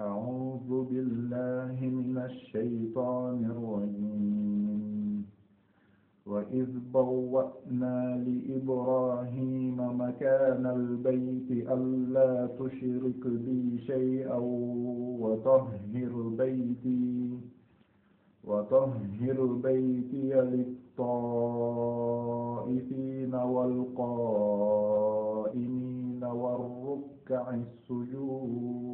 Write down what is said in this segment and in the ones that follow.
أعوذ بالله من الشيطان الرجيم وإذ بوأنا لإبراهيم مكان البيت ألا تشرك بي شيئا وطهر بيتي وطهر بيتي للطائفين والقائمين والركع السجود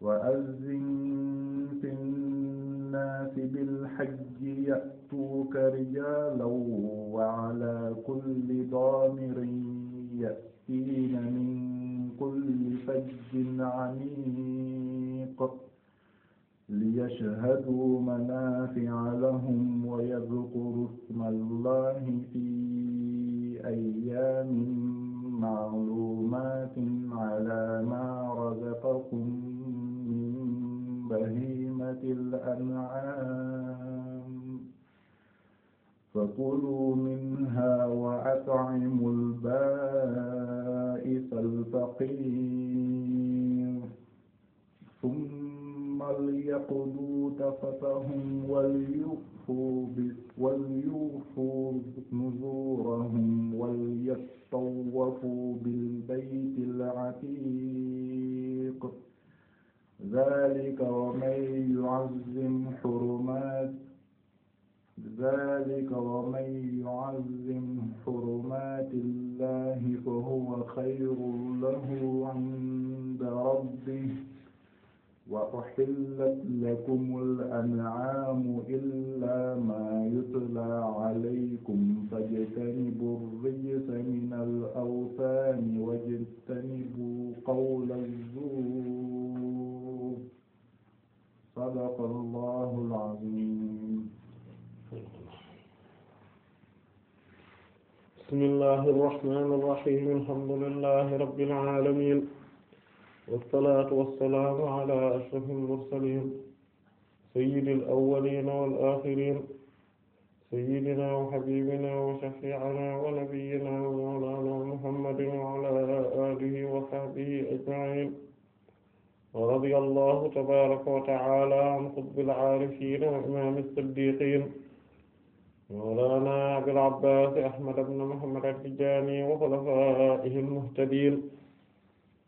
وأذن في الناس بالحج يأتوك رجالا وعلى كل ضامر يأتين من كل فج عميق ليشهدوا منافع لهم ويذكروا اسم الله في أيام الأنعام فكلوا منها وأطعموا البائس الفقير ثم ليقضوا تفتهم وليوفوا وليوفوا نذورهم وليطوفوا بالبيت العتيق ذلك ومن يعظم حرمات ذلك ومن يعظم حرمات الله فهو خير له عند ربه وأحلت لكم الأنعام إلا ما يتلى عليكم فاجتنبوا الرجس من الأوثان واجتنبوا قول الزور الرحمن الرحيم الحمد لله رب العالمين والصلاة والسلام على أشرف المرسلين سيد الأولين والآخرين سيدنا وحبيبنا وشفيعنا ونبينا ومولانا محمد وعلى آله وصحبه أجمعين ورضي الله تبارك وتعالى عن قطب العارفين وإمام الصديقين mawlana abil abbas ahmad ibn muhammad at-tijani wa khulafaihi al-muhtadin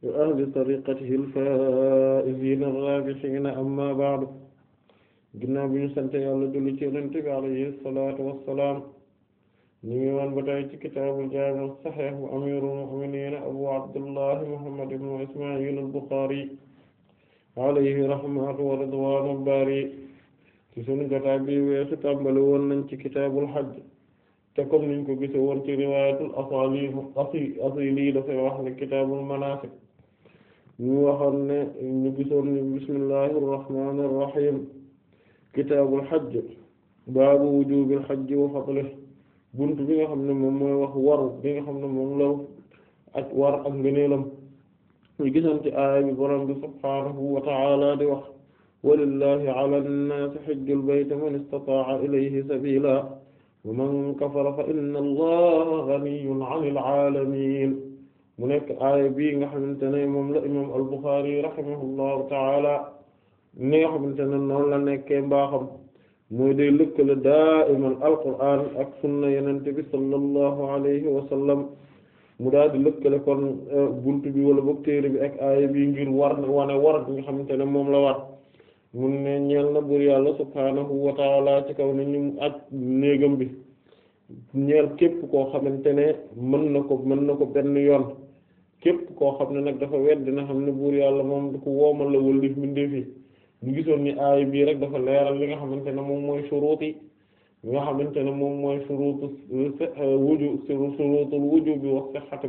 wa ahli tariqatihi al-faizin ar-rabihin amma ba'du ginnaaw bi ñu sant yàlla julli ci yonent bi alayhi salatu wassalam ñu ngi woon ba tey ci kitaabul jaami' as-sahih bu amirul mu'minin abu abdullah muhammad ibn isma'il al-bukhari alayhi rahmatu wa ridwanu al-bari ci sunu jotaay bi weesu tàmbali woon ci kitaabul hajj te comme niñ ko gise woon ci riwaayatul asali asi asili wax ne kitaabul manaasik ñu waxoon ne ñu gisoon ni bismillahir rahmanir rahim kitaabul hajj baabu wujubil hajj wa fadlihi bunt bi nga xam ne moom mooy wax waru bi nga xam ne moom la ak war ak ngëneelam ñu gisoon ci aaya bi borom subhaanahu wa di wax walillahi ala an-nasi hajjul bayti man istata'a ilayhi sabila wa man kafara fa inna allaha ghaniyyun 'anil 'alamin mu nekk aaya bii nga xamante ne moom la imam al-Bukhari rahimahullahu ta'ala ni nga xamante ne noonu la nekkee mbaaxam mooy day lëkkale daa'iman al-Qur'an ak sunna yenente bi sallallahu alayhi wa sallam mu daal di lëkkale kon euh, buntu bi wala boog téere bi ak aaya bii ngir war wane war bi nga xamante ne moom la war mun ne ñeel na buur yàlla subhaanahu wa taala ci kaw na ñu ak néegam bi ñeel képp koo xamante ne mën na ko mën na ko benn yoon képp koo xam ne nag dafa wedd dina xam ne buur yàlla moom ku woomal la wëllif mbindeef yi ñu gisoon ni aay bii rek dafa leeral li nga xamante ne moom mooy suruut yi li nga xamante ne moom mooy suruutu wuju suruutul wujubi wa sihhati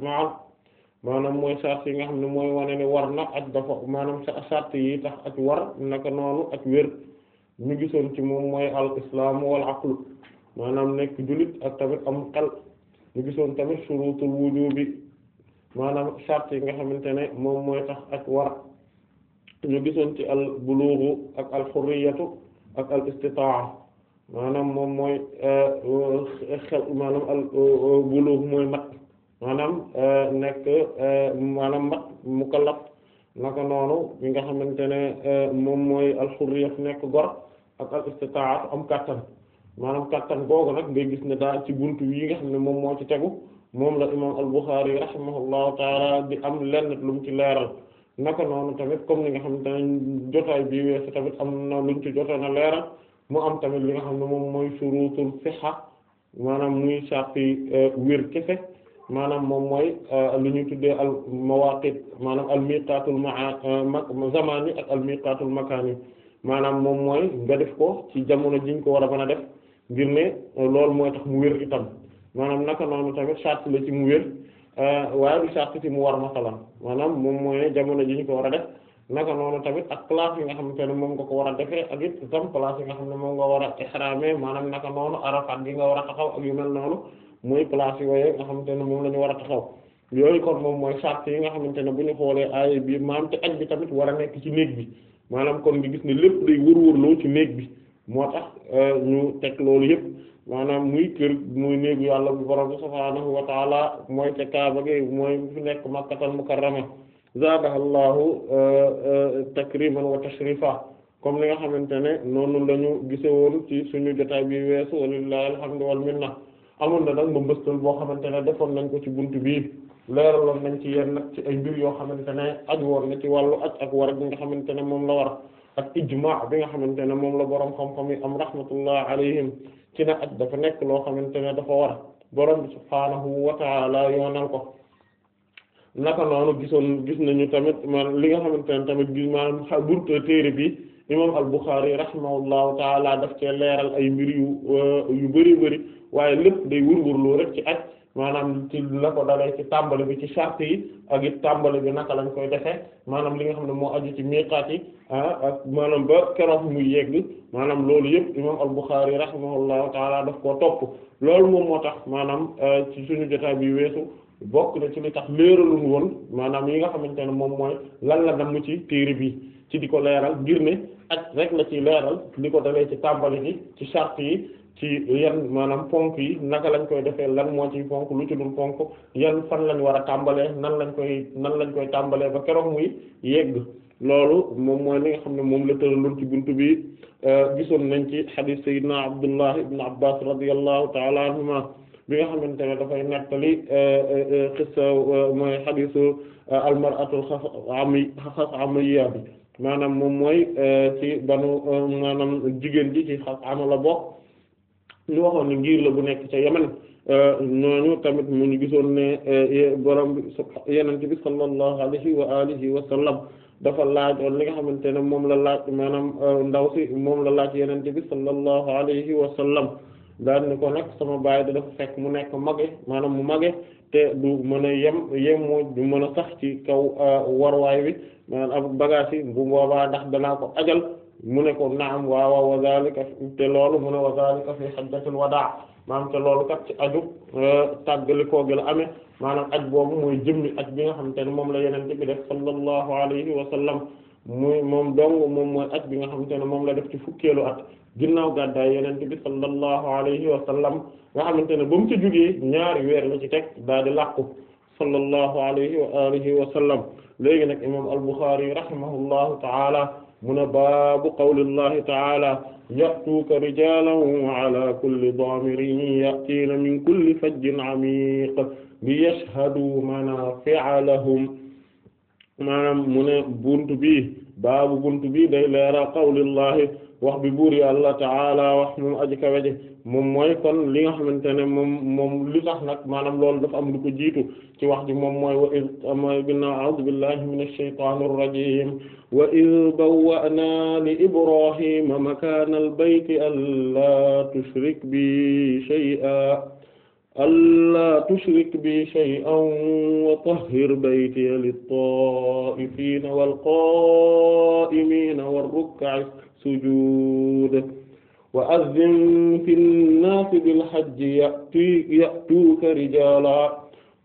maanaam mooy sart yi nga xam ne mooy wane ne war na ak dafa maanaam sart yi tax ak war naka noonu ak wér ñu gisoon ci moom mooy al islaamu wal aqlu maanaam nekk jullit ak tamit am xel ñu gisoon tamit shurutul wujubi maanaam sart yi nga xamante ne moom mooy tax ak war ñu gisoon ci al bulughu ak al xurriyatu ak al istitaa maanaam moom mooy euh, xel maanaam al euh, euh, bulughu mooy mat maanaam euh, nekk euh, maanaam mat mukallaf naka noonu mi nga xamante ne euh, moom mooy alxurriya nekk gor ak al istita'a am kàttan maanaam kàttan googu nag ngay gis ne daal ci buntu yi nga xam ne moom moo ci tegu moom la imaam al-Bukhari rahimahullahu taala di am lenn lum ci leeral naka noonu tamit comme ni nga xam ne jotaay bii weesu tamit am na luñ ci jotoon a leeral mu am tamit li nga xam ne moom mooy surutul siha maanaam muy sàppi wér kese maanaam moom mooy euh, lu ñuy tuddee al mawaqit maanaam al miqatul maa euh, zamani ak al miqatul makani maanaam moom mooy nga def ko ci jamono jiñ ko war a mën a def ngir ne euh, lool mooy tax mu wér itam maanaam naka noonu tamit charte la ci mu wér waaye du charte mu war masalan maanaam moom mooy jamono jiñ ko war a def naka noonu tamit ak place yi nga xamante ne moom nga ko war a defee ak it tam place yi nga xam ne moom nga war a ihraame maanaam naka noonu arafat gi nga war a taxaw ak yu mel noonu muy place yooyu nga xamante ne moom la ñu war a taxaw yooyu kon moom mooy sart yi nga xamante ne bu ñu xoolee aaya bi maam te aj bi tamit war a nekk ci néeg bi maanaam kon nga gis ne lépp day wërwërloo ci néeg bi moo tax euh, ñu teg loolu yëpp maanaam muy kër muy néegu yàlla bu borom bi subhaanahu wa taala mooy te kaaba gi mooy fi nekk makkatal mukarrama zaadahallahu euh, euh, takriman wa tashrifa comme li nga xamante ne noonu la ñu gise woon ci suñu jotaay bi weesu walillahi alhamdu wal minna amoon na nag ma mbëstal boo xamante ne defoon nañ ko ci bunt bii leeraloon nañ ci yenn nag ci ay mbir yoo xamante ne aju woon na ci wàllu aj ak war bi nga xamante ne moom la war ak ijmaa bi nga xamante ne moom la boroom xam-xam yi am rahmatullah alayhim ci na aj dafa nekk loo xamante ne dafa war boroom bi subhaanahu wa ta'ala yoonal ko naka noonu gisoon gis nañu tamit man li nga xamante ne tamit gis maanaam burta téere bi imam al Bukhari rahimahullahu taala def cee leeral ay mbir yu euh, yu bari bari waaye lépp day wërwërloo rek ci aj maanaam ci la ko dalee ci tàmbali bi ci charte yi ak it tàmbali bi naka lañ koy defee maanaam li nga xam ne moo aju ci miqaat yi ah, maanaam ba keroog muy yegg maanaam loolu yëpp imam al-Bukhari rahimahullahu taala daf koo topp loolu moom moo tax maanaam ah, ci suñu jotaay bi weesu bokk na ci li tax woon maanaam yi nga xamante ne moom mooy lan la damm ci téere bi ci di ko leeral ngir ne aj rek la ci leeral li ko dalee ci tàmbali bi ci charte yi ci yan maanaam ponk yi naka lañ koy defee lan moo ci ponk lu ci dul ponk yan fan lañ war a tàmbalee nan lañ koy nan lañ koy tàmbalee ba keroog muy yegg loolu moom mooy li nga xam ne moom la tëraloon ci bunt bi euh, gisoon nañ ci hadith sayyidina Abdullah ibn Abbas radiyallahu ta'ala anhuma bi nga xamante ne dafay nettali xissa euh, euh, mooy hadithu al-mar'atul xas'amiyya bi maanaam moom mooy ci banu maanaam jigéen ji ci xas'ama la bokk ñu waxoon ne ngir la bu nekk ca Yemen euh, ñooñu tamit mu ñu gisoon ne euh, borom bi yenente bi sallallahu alayhi wa alihi wa sallam dafa laajoon li nga xamante ne moom la laaj maanaam euh, ndaw si moom la laaj yenente bi sallallahu alayhi wa sallam daal ni ko nag sama baay da dafa fekk mu nekk mage maanaam mu mage te du mën a yem yem moo du mën a sax ci kaw warwaay wi maanaam ab bagage yi bu boobaa ndax danaa ko ajal mu ne ko naam waawa wa zalika te loolu mu ne wa zalika fi hajjatul wadaa maanaam te loolu kat ci aju euh, tàggalikoo gi la amee maanaam aj boobu mooy jëmmi aj bi nga xamante ne moom la yeneen bi def sallallahu alayhi wa sallam muy moom dong moom mooy aj bi nga xamante ne moom la def ci fukkeelu at ginnaaw gàddaay yeneen bi sallallahu alayhi wa sallam nga xamante ne ba mu ci jógee ñaari weer la ci teg daal di làqu sallallahu alayhi wa alihi wa sallam léegi nag imam al-Bukhari rahimahullahu ta'ala mu ne baabu qawlillahi ta'ala ya'tuuka rijaalan wa ala kulli daamirin ya'tiina min kulli fajjin amiiq liyashhaduu manaafi'a lahum maanaam mu ne buntu bi baabu buntu bi day leeral qawlillahi wax bi buur yàlla ta'ala wax moom aji kawe ji moom mooy kon li nga xamante ne moom moom li tax nag maanaam loolu dafa am lu ko jiitu ci wax ji moom mooy wa iz mooy ginnaaw a'uudu billahi minash shaytaanir rajiim wa iz bawwa'naa li ibrahima makaanal bayti allaa tushrik bi shay'an allaa tushrik bi shay'an wa tahhir baytiya lit-taa'ifiina wal qaa'imiina war-ruk'i sujuud wa azzin fi nnaasi bil hajji ya'tuuka ya'tuuka rijaala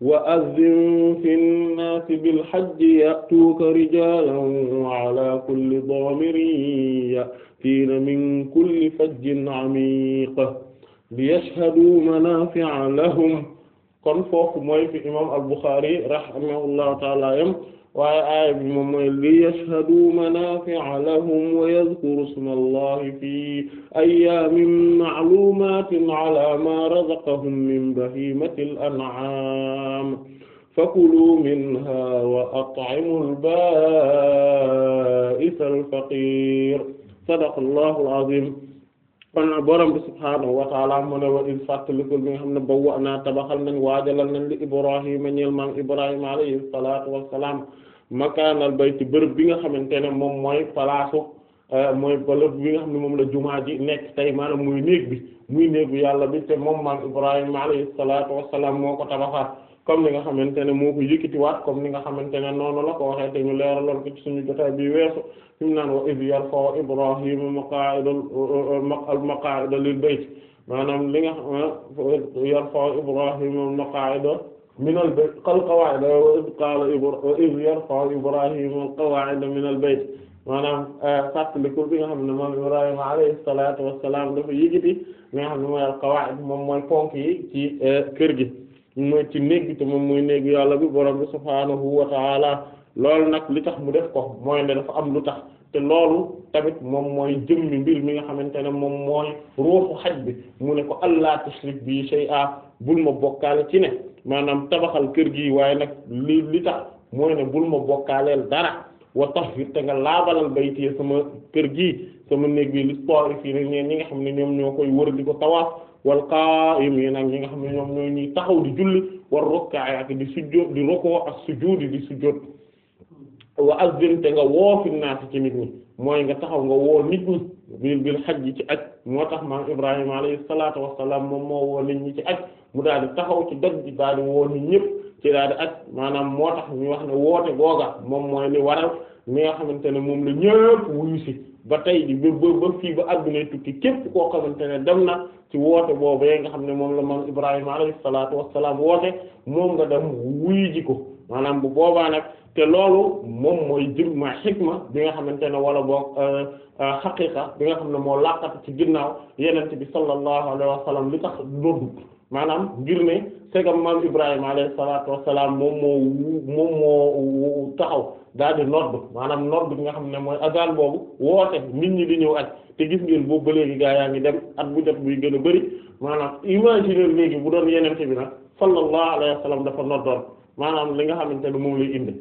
wa azzin fi nnaasi bil hajji ya'tuuka rijaalan wa alaa kulli daamirin ya'tiina min kulli fajjin amiiq liyashhaduu manaafi'a lahum kon foofu mooy fi imaam al-Bukhari rahimahullahu ta'aala waaye aaya bi moom mooy li yashhadu manafi'a lahum wa yadhkuru isma allahi fi ayyamin ma'lumatin ala ma razaqahum min bahimatil an'am fakulu minha wa at'imu al-ba'isa al-faqir sadaqallahu al-azim kon borom bi subhaanahu wa taala mu ne wa il fàttalikul bi nga xam ne bawwa naa tabaxal nañ waajalal nañ li ibrahima ñeel maam a alayhi salaatu wassalaam makaanal bayti bërëb bi nga xamante ne moom mooy palaasu euh, mooy bërëb bi nga xam ne moom la jumaa ji nekk tey maanaam muy néeg bi muy néegu yàlla bi te moom maam ibrahima alayhi salaatu wassalaam moo ko tabaxaat comme ni nga xamante ne moo ko yëkkatiwaat comme ni nga xamante ne noonu la ko waxee te ñu leeraloon ko ci suñu jotaay bi weesu fi mu naan wa iz yarfa'u Ibrahima maqaa'idal maqaa'ida lil bayt maanaam li nga xam yarfa'u Ibrahima maqaa'ida minal bayt qal qawaa'ida wa iz yarfa'u Ibrahima qawaa'ida minal eh, bi nga xam ne moom Ibrahima alayhi salaatu wa salaam dafa yëkkati li nga xam ne mooy al qawaa'id moom mooy ponk yi ci eh, kër gi. mooy ci néeg bi te moom mooy néegu yàlla bi borom bi subhaanahu wa ta'ala loolu nag li tax mu def ko mooy ne dafa am lu tax te loolu tamit moom mooy jëmmi mbir mi nga xamante ne moom mooy ruuxu xaj bi mu ne ko allah tushrik bi ah bul ma bokkaale ci ne maanaam tabaxal kër gi waaye nag li li tax mooy ne bul ma bokkaaleel dara wa tahhir te nga laabalal bayti sama kër gi sama néeg bi li toori fii nag ñeen ñi nga xam ne ñoom ñoo koy wër di ko tawaaf wal qaa'imiin nag ñi nga xam ne ñoom ñooy ñuy taxaw di julli war rukkaay ak di sujjóot di rukoo ak sujuudi di sujjóot wa azdin te nga woo fi naati ci nit ñi mooy nga taxaw nga woo nit ñi bil bil xaj ci ak moo tax maam Ibrahima alayhi salaatu wassalaam moom moo woo nit ñi ci ak mu daal di taxaw ci doj bi woo nit ñëpp ci daal ak maanaam moo tax ñu wax ne woote googa moom mooy li waral mi nga xamante ne moom la ñëpp wuyu si ba tey ji ba ba fii ba àdduna tukki képp koo xamante ne dem na ci woote boobu nga xam ne moom la moom Ibrahima alayhi salaatu wassalaam woote moom nga dem wuyu ji ko maanaam bu boobaa nag te loolu moom mooy jëm ma xikma bi nga xamante ne wala boog euh, euh, xaqiqa bi nga xam ne moo laqatu ci ginnaaw yenent bi sallallahu alayhi wa sallam li tax doodut maanaam ngir ne segam maam Ibrahima alayhi salaatu wassalaam moom moo taxaw daal di nodd maanaam nodd bi nga xam ne mooy azan boobu woote nit ñi di ñëw aj te gis ngeen boobu ba léegi gaa yaa ngi dem at bu def buy gën a bëri maanaam imaginer léegi bu doon yenente bi nag sallallahu alayhi wa dafa noddoon maanaam li nga xamante ne moom lay indi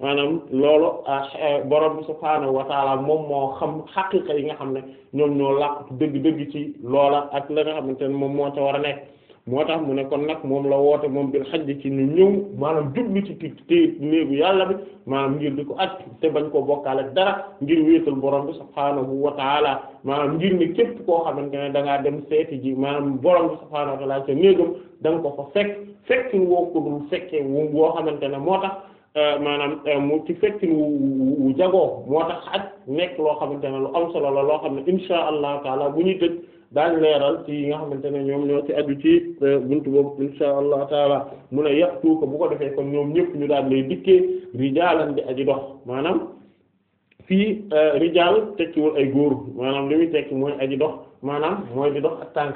maanaam loolu ah, eh, borom bi subhaanahu wa taala moom moo xam xaqiqa yi nga xam ne ñoom ñoo làqu dëgg-dëgg ci loola ak la nga xamante ne moom moo ca war a nekk moo tax mu nekkoon nag moom la woote moom bil xajj ci ñu ñëw maanaam jublu ci ti té néegu yàlla bi maanaam ngir di ko ak te bañ ko bokkaale dara ngir wéetal borom bi subhaanahu wa taala maanaam ngir ne képp koo xamante ne da dem seeti ji maanaam borom bi subhaanahu wa taala néegam da nga ko fa fekk fekkin woo ko fekkee wu woo xamante ne moo tax euh, maanaam euh, mu ci fekkin wu jagoo moo tax ak nekk loo xamante ne lu am solo la loo xam ne insha allahu taala bu ñuy tëj daañu leeral ci yi nga xamante ne ñoom ñoo ci aju ci euh, buntu boobu insha allah taala mu ne yaxtu ko bu ko defee kon ñoom ñëpp ñu daan lay dikkee rijaalan di aji dox maanaam fii euh, rijaal tekkiwul ay góor maanaam li muy tekki mooy aji dox maanaam mooy di dox ak tànk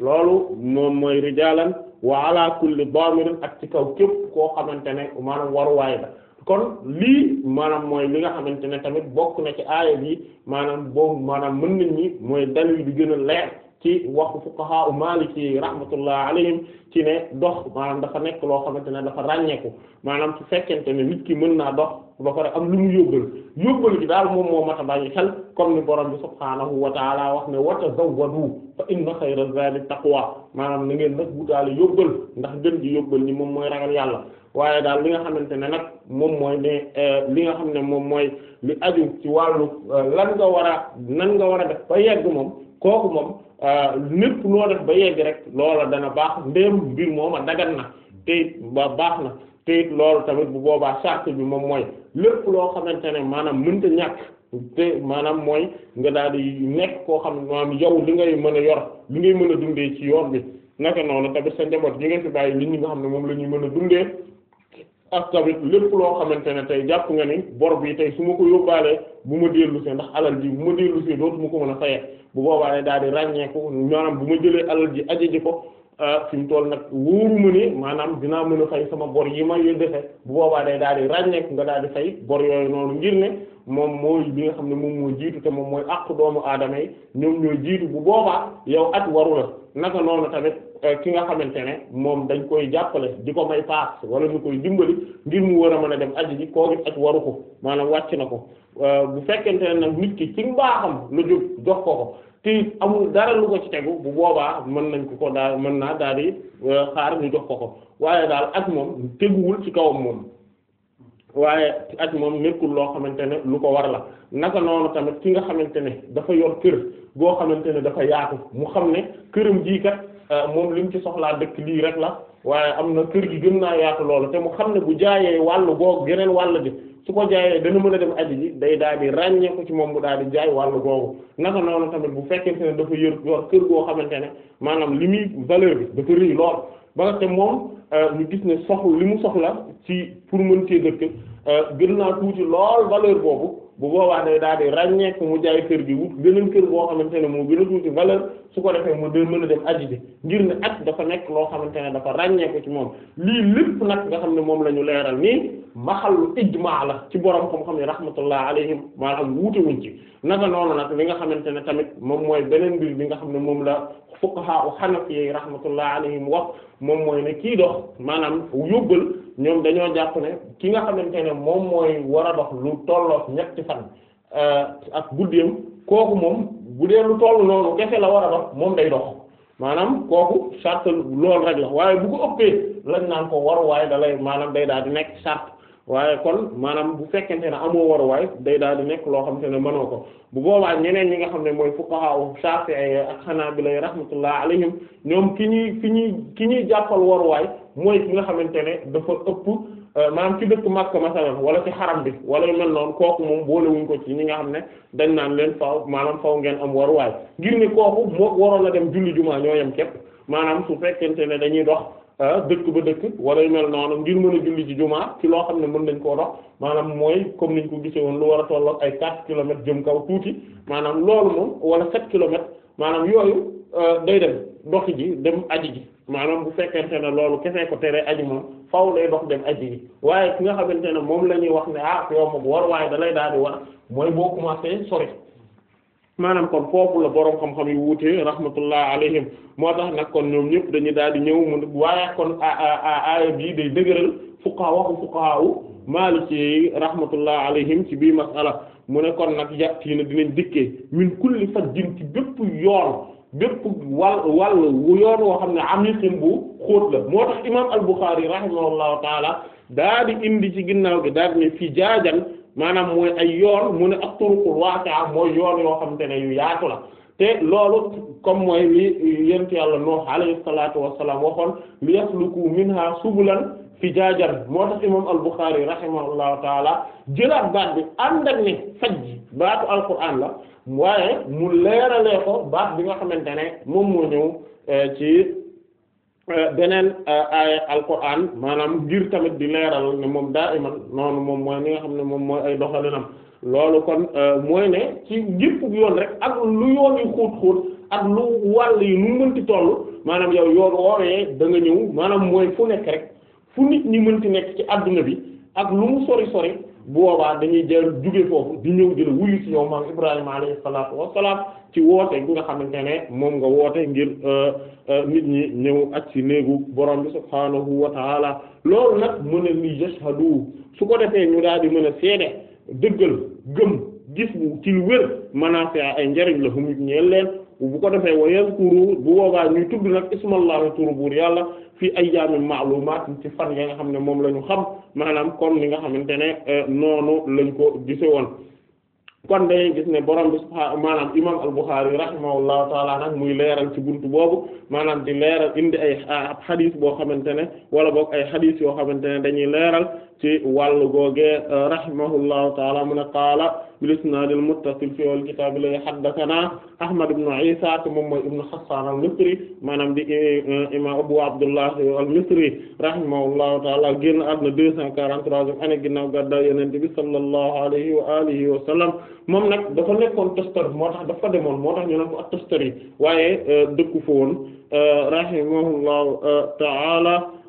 loolu moom mooy rijaalan wa ala kulli daamirin ak ci kaw képp koo xamante ne maanaam waruwaay la kon lii maanaam mooy li nga xamante ne tamit bokk na ci aaya bi maanaam boobu maanaam mën na ñi mooy dalil bi gën a leer ci waxu fuqaha u maliki rahmatullah alayhim ci ne dox maanaam dafa nekk loo xamante ne dafa ràññeeku maanaam su fekkente ne nit ki mën naa dox ba pare am lu mu yóbbal yóbbal gi daal moom moo mat a bàyyi xel comme ni borom bi subhaanahu wa taala wax ne wa tazawwadu fa inna xayra zaadi taqwa maanaam na ngeen nag wutaale yóbbal ndax gën gi yóbbal ni moom mooy ragal yàlla waaye daal li nga xamante ne nag moom mooy ne eh, li nga xam ne moom mooy li aju ci wàllu eh, lan nga war a nan nga war a def ba yegg moom kooku moom Euh, lépp loo def ba yegg rek loola dana baax ndéem mbir mooma dagan na te it ba baax na teyit it loolu tamit bu boobaa sart bi moom mooy lépp loo xamante ne maanaam mënta ñàkk te maanaam mooy nga daal di nekk koo xam maanaam yow li ngay mën a yor li ngay mën a dundee ci yoon bi naka noonu tamit sa njaboot gi nga fi bàyyi nit ñi nga xam ne moom la ñuy mën a dundee ak tamit lépp loo xamante ne tey jàpp nga ni bor bi tey su ma ko yóbbaalee bu ma dellusee ndax alal ji bu ma dellusee dootuma ko mën a fayee bu boobaa day daal di ràññeeku maanaam bu ma jëlee alal ji aje ji ko ah, fi nag wóoru ma ne maanaam dinaa mën a fay sama bor yi ma yu defe bu boobaa daal di ràññeeku nga daal di fay bor yooyu noonu ngir ne moom mooy bi nga xam ne moom moo jiitu te moom mooy àqu doomu aadama yi ñoom ñoo jiitu bu boobaa yow at waru la. naka noonu tamit euh, ki nga xamante ne moom dañ koy jàppale di ko may paas wala ñu koy dimbali ngir mu war a mën a dem aji ji koo it ak waru ko maanaam wàcc na ko euh, bu fekkente ne nag nit ki ci mbaaxam la jóg jox ko ko te amul dara lu ko ci tegu bu boobaa mën nañ ko ko daal mën naa daal di euh, xaar ñu jox ko ko waaye daal ak moom teguwul ci kawam moom. waaye aj moom nekkul loo xamante ne lu ko war la naka noonu tamit ki nga xamante ne dafa yor kër goo xamante ne dafa yaatu mu xam ne këram jii kat euh, moom li ci soxlaa dëkk lii rek la waaye am na kër gi gën naa yaatu loolu te mu xam ne bu jaayee wàllu googu geneen wàll bi su ko jaayee dana mën a dem aji ji day daal di ràññee ci moom mu daal di jaay wàllu googu naka noonu tamit bu fekkente ne dafa yor yor kër goo xamante ne maanaam li muy valeur bi dafa rëy lool ba nga te moom euh, ñu gis ne soxla li mu soxla ci pour mën cee dëkk euh, gën naa tuuti lool valeur boobu bu boobaa day daal di ràññeeku mu jaay kër gi wut gënal ne moo gën a tuuti valeur su ko defee mu dee mën a dem aji bi ngir ne at dafa nekk loo xamante ne dafa ràññeeku ci moom lii lépp nag nga xam ne moom la ñu leeral nii maxal ijmaa la ci borom ko xam-xam ne rahmatullah alayhim maanaam wuute wuñ ci naka noonu nag li nga xamante ne tamit moom mooy beneen mbir bi nga xam ne moom la fuqaha u xanafi yi rahmatullah alayhim wax moom mooy ne kii dox maanaam yóbbal ñoom dañoo jàpp ne ki nga xamante ne moom mooy war a dox lu tolloos ñetti fan euh, ak guddeem kooku moom bu dee lu toll noonu kese la war a dox moom day dox maanaam kooku charte loolu rek la waaye bu ko ëppee lañ naan ko war waaye da maanaam day daal di nekk charte waaye kon maanaam bu fekkente ne amoo waruwaay day daal di nekk loo xamante ne mënoo ko bu boobaa ñeneen ñi nga xam ne mooy fuqaha Shafi'i ak Hanabila rahmatullah alayhim ñoom ki ñuy ki ñuy ki ñuy jàppal waruwaay mooy ki nga xamante ne dafa ëpp euh, maanaam ci dëkk Makka masalan wala ci xaram bi wala yu mel noonu kooku moom boolewuñ ko ci ñi nga xam ne dañ naan leen maanaam faaw ngeen am waruwaay ngir ne kooku moo waroon la dem julli jumaa ñoo yem képp maanaam su fekkente ne dañuy dox. Euh, dëkk ba dëkk wala yu mel noonu ngir mën a julli ci jumaa ci loo xam ne mën nañ koo dox maanaam mooy comme niñ ko gisee woon lu war a tolloog ay 4 kilomètres jëm kaw tuuti maanaam loolu moom wala 7 kilomètres maanaam yooyu euh, day dem doxi ji dem aji ji maanaam bu fekkente ne loolu kese ko tere aji moom faaw lay dox dem aji ji waaye ki nga xamante ne moom la ñuy wax ne ah yow bu war waaye dalay lay daal di war mooy boo commencé sori. maanaam kon foofu la borom xam-xam yi wuute rahmatullah alayhim moo tax nag kon ñoom ñëpp dañuy daal di ñëw mu waaye kon aaya bii day dëgëral fuqaha waxu fuqaha u maaliki yi rahmatullah alayhim ci bii masala mu ne kon nag yàttiina dinañ dikkee min kulli fajjin ci bépp yoon bépp wàll wal wu yoon woo xam ne amiqin bu xóot moo tax imam al-Bukhari rahimahullahu taala daa di indi ci ginnaaw gi daal di ne fii maanaam mooy ay yoon mu ne ak turuqul waasi'a mooy yoon yoo xamante ne yu yaatu la te loolu comme mooy li yent yàlla Nuh alayhi salaat wassalaam waxoon li yasluku minha subulan fijaajan moo tax moom al-Bukhari rahimahullahu taala jëlaat baat bi ànd ak ne fajj baatu alquran la waaye mu leeralee ko baat bi nga xamante ne moom moo ñëw eh, ci Euh, beneen euh, ay alquran maanaam ngir tamit di leeral ne moom daal daa iman noonu moom mooy ni nga xam ne moom mooy ay doxalinam loolu kon euh, mooy ne ci gépp yoon rek ak lu yoon yu xóot xóot ak lu wàll yi nu mënti toll maanaam yow yoon woowee da ñëw maanaam mooy fu nekk rek fu nit ñi mënti nekk ci àdduna bi ak lu mu sori sori bu boobaa dañuy jël juge foofu di ñëw di la wuyu ci yow maam Ibrahima alayhi salaatu wassalaam ci woote nga xamante ne moom nga woote ngir euh, euh, nit ñi ñëw ak ci néegu borom bi subhaanahu wa taala loolu nag mu ne li yashhadu su ko defee ñu daal di mën a seede dëggal gëm gis ci lu wér manaafi ay njariñ la humu ñeel leen bu ko defee wa yazkuru bu boobaa ñuy tudd nag ismallahi turu buur yàlla fii ayyaamin ma'luumaat ci fan ya nga xam ne moom la ñu xam maanaam kon li nga xamante ne euh, noonu lañ ko gise woon kon dañuy gis ne borom bi maanaam imam al-Bukhârî rahimahullahu taala nag muy leeral ci buntu boobu maanaam di leeral indi ay ab xadis boo xamante ne wala boog ay xadis yoo xamante ne dañuy leeral ci wàllu googe euh, rahimahullahu taala mun a qaala bil isnaadil muttasil fi al a la haddathanaa Ahmad ibn Isa te moom mooy ibn Hassaan al-Misri maanaam di eh, imaam Abu Abdullah al-Misri rahimahullahu ta'ala génn àdduna deux cent quarante-troisième année ginnaaw gàddaay Yonent bi sallallahu alayhi wa alihi wa sallam moom nag dafa nekkoon Tastari moo tax dafa demoon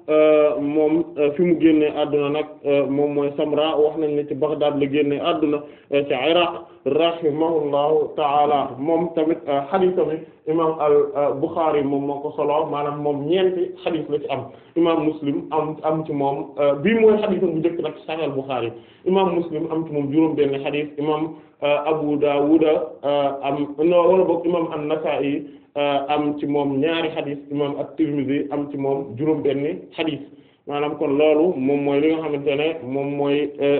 Euh, moom euh, fi mu génne àdduna nag euh, moom mooy Samra wax nañ ne ci Baghdad la génne àdduna ci Iraq rahimahullahu taala moom tamit xadiis tamit imaam al Bukhari moom moo ko solo maanaam moom ñeenti xadiis la ci am imaam Muslim am am ci moom bii mooy xadiisam bu njëkk nag Sahih al Bukhari imaam Muslim am ci moom juróom benn xadiis imaam. Euh, Abu Dawud euh, am no wala boog imam an-Nasa'i euh, am ci moom ñaari xadis imam at-Tirmidhi am ci moom juróom-benni xadis maanaam kon loolu moom mooy li nga xamante ne moom mooy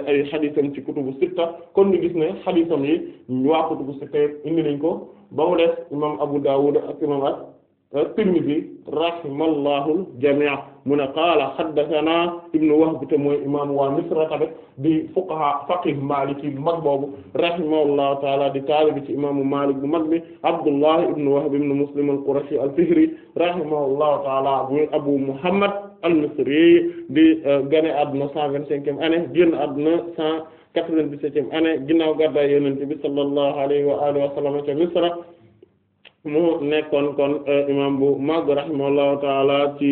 ay xadisam ci kutubu sitta kon ñu gis ne xadisam yi waa kutubu sitta indi nañ ko ba mu des imam Abu Dawud ak imam at-Tirmidhi rahimallahu jami'a mu ne qaala haddathana ibnu wahb te mooy imam waa misra tamit di fuqaha faqih maliki bu mag boobu rahimahullahu taala di taalibi ci imaamu malik bu mag bi abdullah ibnu wahb ibnu muslim al-qurashi al-fihri rahimahullahu taala bu abu muhammad al-misri di euh, gane àdduna cent vingt-cinquième année génn àdduna cent quatre-vingt-dix-septième année ginnaaw gàddaay yonent bi sallallahu alayhi wa alihi wa sallam ca misra mu nekkoon kon euh, imam bu mag rahimahullahu taala ci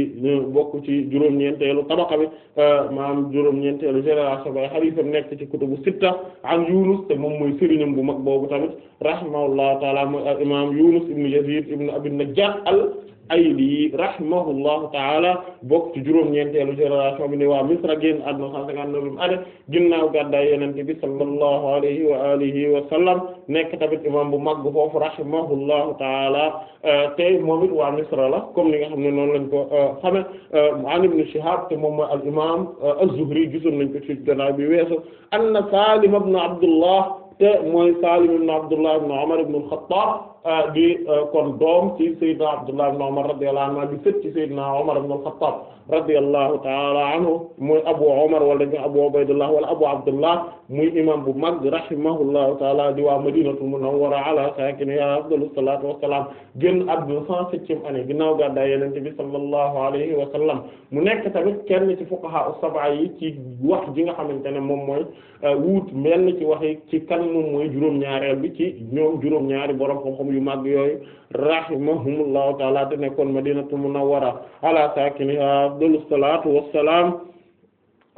bokk ci juróom-ñeenteelu tabaqa bi euh, maam juróom-ñeenteelu génération bay haditham nekk ci kutubu sitta an Yunus te moom mooy sëriñam bu mag boobu tamit rahimahullahu taala mooy al imam Yunus ibn Yazid ibn Abi Najjar al Ayli rahimahullahu taala bokk ci juróom-ñeenteelu génération bi ne waa Misra génn àdduna 159 ane ginnaaw gàddaay Yonent bi sallallahu alayhi wa alihi wa sallam nekk tamit imam bu mag foofu rahimahullahu taala euh, tey moom it waa Misra la comme ni nga xam ne noonu lañ ko euh, xame euh, an Ibn Shihab te moom mooy al imam az-Zuhri gisoon nañ ko ci gannaaw bi weesu anna Salim ibn Abdullah te mooy Salim ibn Abdullah ibn Umar ibn al-Khattab Ah, di ah, kon doom ci Seydina Abdullah ibn Umar radiyallahu anhu di sët ci Seydina Umar ibn al-Khattab radiyallahu ta'ala anhu muy Abu Umar wala ñu Abu Ubaydullah wala Abu Abdullah mu imam bu mag rahimahullahu ta'ala di waa Madinatul Munawwara ala sakiniha afdalu salatu wassalam génn àdduna cent septième année ginnaaw gàddaay a bi sallallahu alayhi wa sallam mu nekk tamit kenn ci fuqaha as yi ci wax ji nga xamante ne moom mooy ah, wuut mel ci wax ci kan moom mooy juróom-ñaareel bi ci ñoom ñaari borom yu mag yooyu rahimahumullahu taala te nekkoon madinatul munawwara ala sakiniha afdalu salaatu wassalaam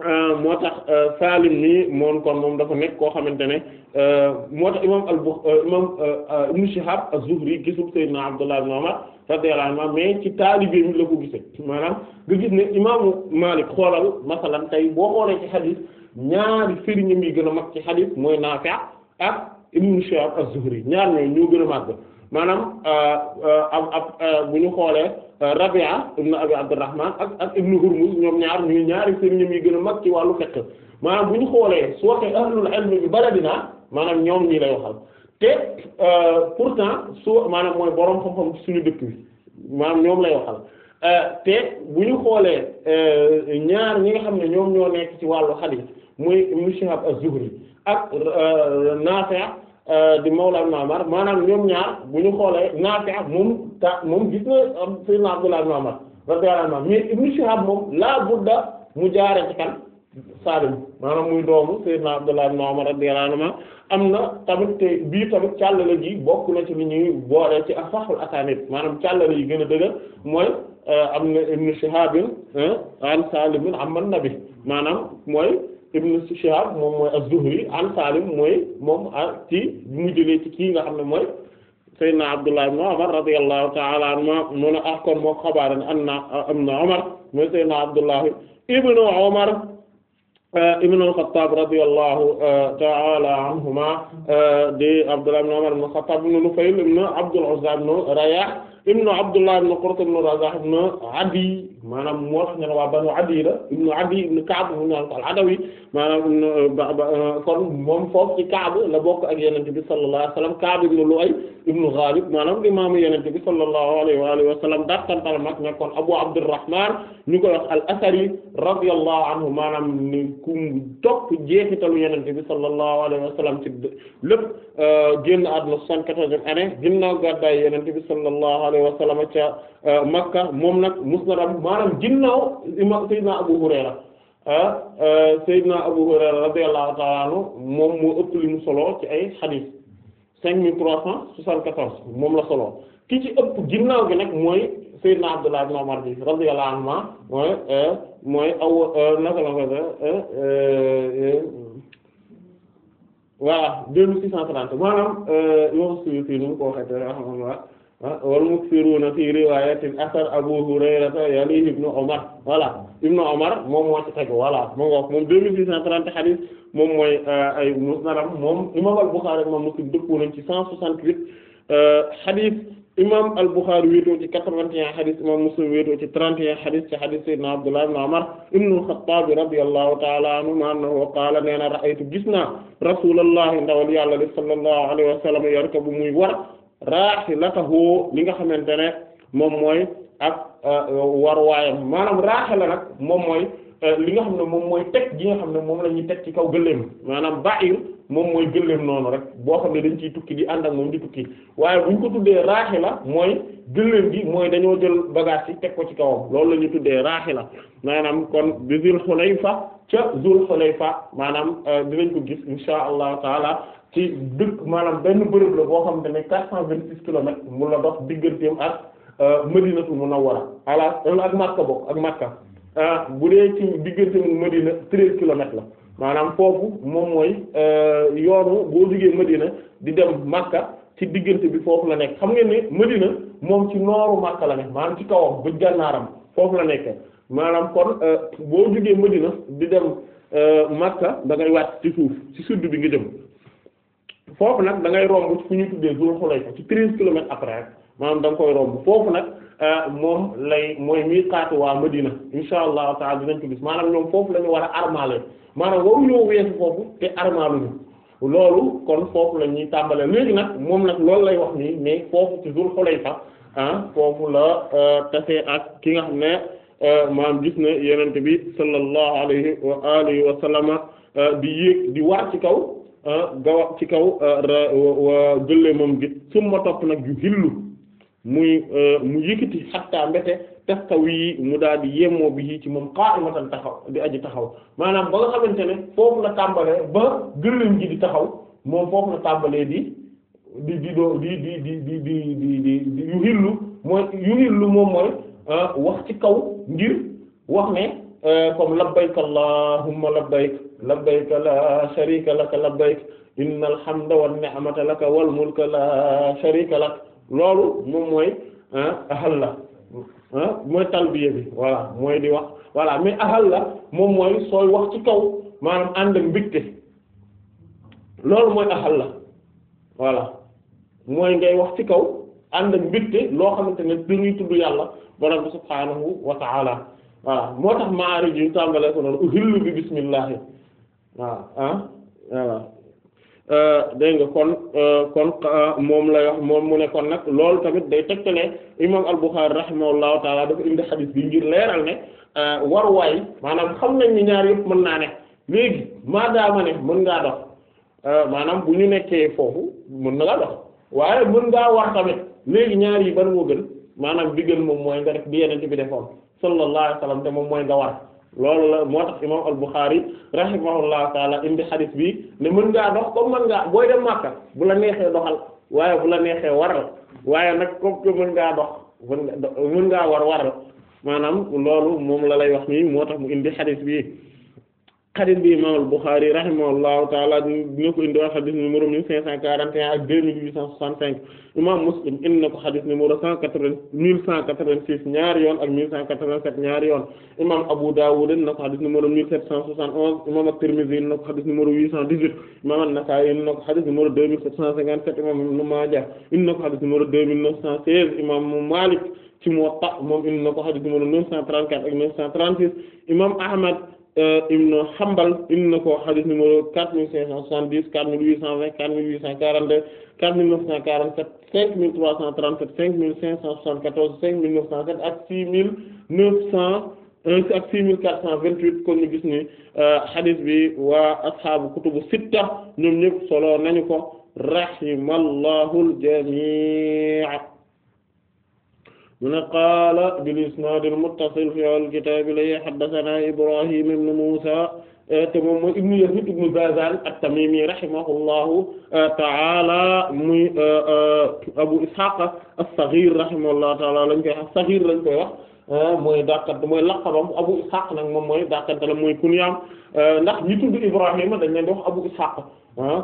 euh, moo tax euh, Salim nii moom kon moom dafa nekk koo xamante ne euh, moo tax imaam al imaam Ibn Shihab az-Zuhri gisul Seydina Abdullah ibn Umar radiyallahu anhu mais ci taalibe mi la ko gise maanaam nga gis ne imaamu Malik xoolal masalan tey boo xoolee ci xadis ñaari sëriñam yi gën a mag ci xadis mooy Naafi' ak ibn Shihab az-Zuhri ñaar ñooñu ñoo gën a màgg maanaam euh, euh, ab ab euh, bu ñu xoolee Rabi'a ibn Abi Abdurrahman ak ak ibn Hurmuz ñoom ñaar ñuy ñaari sëriñam yi gën a mag ci wàllu fiqh maanaam bu ñu xoolee su waxee ahlul ilm bi baladina maanaam ñoom ñii lay waxal te pourtant su maanaam mooy boroom xam-xam suñu dëkk bi maanaam ñoom lay waxal te bu ñu xoolee ñaar ñi nga xam ne ñoom ñoo nekk ci wàllu hadith muy Ibn Shihab az-Zuhri ak euh, Naafi' euh, di mawla Ibn Umar maanaam ñoom ñaar bu ñu xoolee Naafi' moom ta moom gis na euh, Sayyidina Abdullah ibn Umar radiyallahu anhu mais Ibn Shihab moom laa budda mu jaare ci kan maanaam muy doomu Sayyidina Abdullah ibn Umar radiyallahu anhu am na tamit te bii tamit càllale ji bokk na ci li ñuy boole ci asahul asanid maanaam càllale yi gën a dëgër mooy am na Ibn Shihab an am an nabi maanaam mooy. ibn Shihab moom mooy az-Zuhri an Salim mooy moom ak ci mu jëlee ci kii nga xam ne mooy Seydina Abdullah ibn Umar radiyallahu ta'ala anhuma mu ne ah kon moo xabaarani anna ibn Umar mooy Seydina Abdullah ibn Umar euh, ibn al-Khattab radiyallahu euh, ta'ala anhuma euh, di Abdullah ibn Umar ibn al-Khattab ibn Nufayl ibn Abdul Uzza ibn Rayah ibnu Abdullah ibnu Qurt ibnu Razah ibnu Adi maanaam moo tax ñu ne waa Banu Adi la ibnu Adi ibnu Ka'b ibnu al-Adawi maanaam kon moom foofu ci Ka'b la bokk ak Yonent bi sallallahu alayhi wa sallam Ka'b ibnu Lu'ay ibnu Ghalib maanaam imaamu Yonent bi sallallahu alayhi wa alihi wa sallam dàqantal mag nekkoon Abu Abdurrahman ñu koy wax al-Asari radiyallahu anhu maanaam ni ku topp jeexitalu Yonent bi sallallahu alayhi wa sallam ci lépp génn àdduna 74e année ginnaaw gàddaay Yonent bi sallallahu alayhi wa ca euh, Makka moom nag musnadam maanaam ginnaaw ima Seydina Abu Hurayra ah, euh, Seydina Abu Hurayra radiyallahu ta'ala moom moo ëpp li solo ci ay xadiis cinq mille trois cent soixante-quatorze moom la solo ki ci ëpp ginnaaw gi nag mooy Seydina Abdullah ibn Umar bi radiyallahu anhuma mooy euh, mooy aw naka la ko voilà deux mille six cent trente maanaam yow suy fii nu mu ko waxee rahimahullah Ah, wal muksiruna fi riwayatin asar Abu Hurayrata yalihi ibnu Umar voilà ibnu Umar moom moo ci tegu voilà moo ngook moom deux six cent trente hadith moom mooy euh, ay musnadam moom imam al-Bukhari ak imam Muslim dëppoo nañ ci cent soixante-huit euh, hadith imam al-Bukhari wéetoo ci quatre-vingt-un hadith imam Muslim wéetoo ci trente et un hadith ci hadith sayyidina Abdullah ibn Umar ibnu al-Khattab radiyallahu ta'ala anhuma annahu qaala nee na wa gis naa rasulallahi ndawal yàlla li sallallahu alayhi wa raaxilatahu li nga xamante ne moom mooy ak euh, waruwaayam maanaam raaxila nag moom mooy euh, li nga xam ne moom mooy teg gi nga xam ne moom la ñuy teg ci kaw gëléem maanaam ba'ir moom mooy gëléem noonu rek boo xam ne dañ ciy tukki di ànd ak moom di tukki waaye bu ñu ko tuddee raaxila mooy gëléem gi mooy dañoo jël bagage yi teg ko ci kawam loolu la ñuy tuddee raaxila maanaam kon bi Zul Xulayfa ca Zul Xulayfa maanaam euh, dinañ ko gis insha allahu taala ci dëkk maanaam benn bërëb la boo xamante ne quatre cent vingt six kilomètres mu la dox digganteem ak euh, Madinatul Munawwara ala euh, ak Makka bokk ak Makka euh, bu dee ci digganteem Madina treize kilomètres la maanaam foofu moom mooy yoonu boo jugee Madina di dem Makka ci diggante bi la nekk xam ngeen ne Madina moom ci nooru Makka la nekk maanaam ci kawam ba gànnaaram foofu la nekk maanaam kon boo jugee Madina di dem Makka da ngay wàcc ci suuf ci sud bi nga jëm foofu nag da ngay romb fu ñu tuddee Zul Xulayfa ci treize kilomètres après rek maanaam da nga koy romb foofu nag euh, moom lay mooy miiqaatu waa Madina insha allah taala dinañ ko gis maanaam ñoom foofu la war a armaale maanaam waruñoo weesu loolu kon foofu la ñuy tàmbalee léegi nag moom nag loolu lay wax nii ne foofu ci Zul Xulayfa ah foofu la euh, tase ak ki nga xam ne euh, maam gis na yenente bi sallallahu alayhi wa alihi wa di yéeg di war ci kaw Ah, gawa ci kaw ah, gëléemam gi summa topp nag yu hillu muy ah, mu yëkkati xattaa mbete tastaw yi mu daal di bi yi ci moom qaa'imatan taxaw di aji taxaw maanaam ba nga xamante ne foofu la tàmbalee ba gëléem gi di taxaw moom foofu la tàmbalee di di di doo di di di di di di di yu hillu mooy yu hillu moom mooy wax ci kaw ngir wax ne comme labbayk allahumma labbayk labbayka laa sharika laka labbayk innal hamda wan ni'mata laka wal mulka laa sharika lak loolu moom mooy ah, ahal la ah, di wax voilà la moom mooy sooy wax ci kaw maanaam ànd ak mbégte loolu mooy ahal la voilà mooy ngay wax ci kaw ànd ak mbégte loo xamante ne ngi tudd yàlla borom bi subhaanahu wa ta'ala voilà moo tax maari ji tàmbalee ko noonu uhillu bi bismillahi waaw ah voilà euh, dégg nga kon euh, kon ah, moom la wax moom mu ne kon nag loolu tamit day tegtalee imam al-Bukhârî rahimahullahu taala dafa indi xadis bi ngir leeral ne euh, waruwaay maanaam xam nañ ni ñaar yëpp mën naa ne léegi maadaama ne mën ngaa dox maanaam bu ñu nekkee foofu mën na ngaa dox waaye mën ngaa war tamit léegi ñaar yi ban moo gën maanaam bi gën moom mooy nga def bi yeneen bi defoon sallallahu alayhi wasallam te moom mooy nga war loolu la moo tax imam al-Bukhari rahimahullahu taala indi xadis bi ne mën ngaa dox comme mën ngaa booy dem Makka bu la neexee doxal waaye bu la neexee waral waaye nag comme que mën ngaa dox mën ngaa war waral maanaam loolu moom la lay wax nii moo tax mu indi xadis bii xadis bi imam al-Bukhari rahimahullahu taala dina ko indi waa xadis numéro mille cinq cent quarante et un ak deux mille huit cent cinq imam Muslim indi ko xadis numéro cent quatre-vingt mille cent six ñaari ak mille cent quatre-vingt-sept ñaari imam Abu Dawud indi ko xadis numéro mille sept cent soixante-onze imam at-Tirmidhi indi ko xadis numéro huit cent dix-huit imam an-Nasa'i indi ko xadis numéro deux mille sept cent cinquante-sept imam Ibn Majah indi ko xadis numéro deux mille neuf Euh, ibn Hanbal indi na ko xadis numéro 4570 4820 4842 4947 5337 5574 5907 ak 6901 ak 6428 kon ñu gis ni euh, xadis bi waa asxaabu kutubu sitta ñoom ñëpp solo nañu ko rahimallahu al-jamii' mu ne qaala bil isnaadil muttasil fi al-kitaab li haddathanaa Ibraahiim ibn Muusaa te moom mooy ibnu Yaziid ibnu Zaazaal at-Tamiimi rahimahullahu ta'aala muy e, e, Abu Ishaaq as-Saghiir rahimahullahu ta'aala lañ koy wax Saghiir lañ koy wax e, mooy dàqante mooy laqabam Abu Ishaaq nag moom mooy dàqante la mooy kunyaam ndax ñi tudd Ibraahiima dañ leen di wax Abu Ishaaq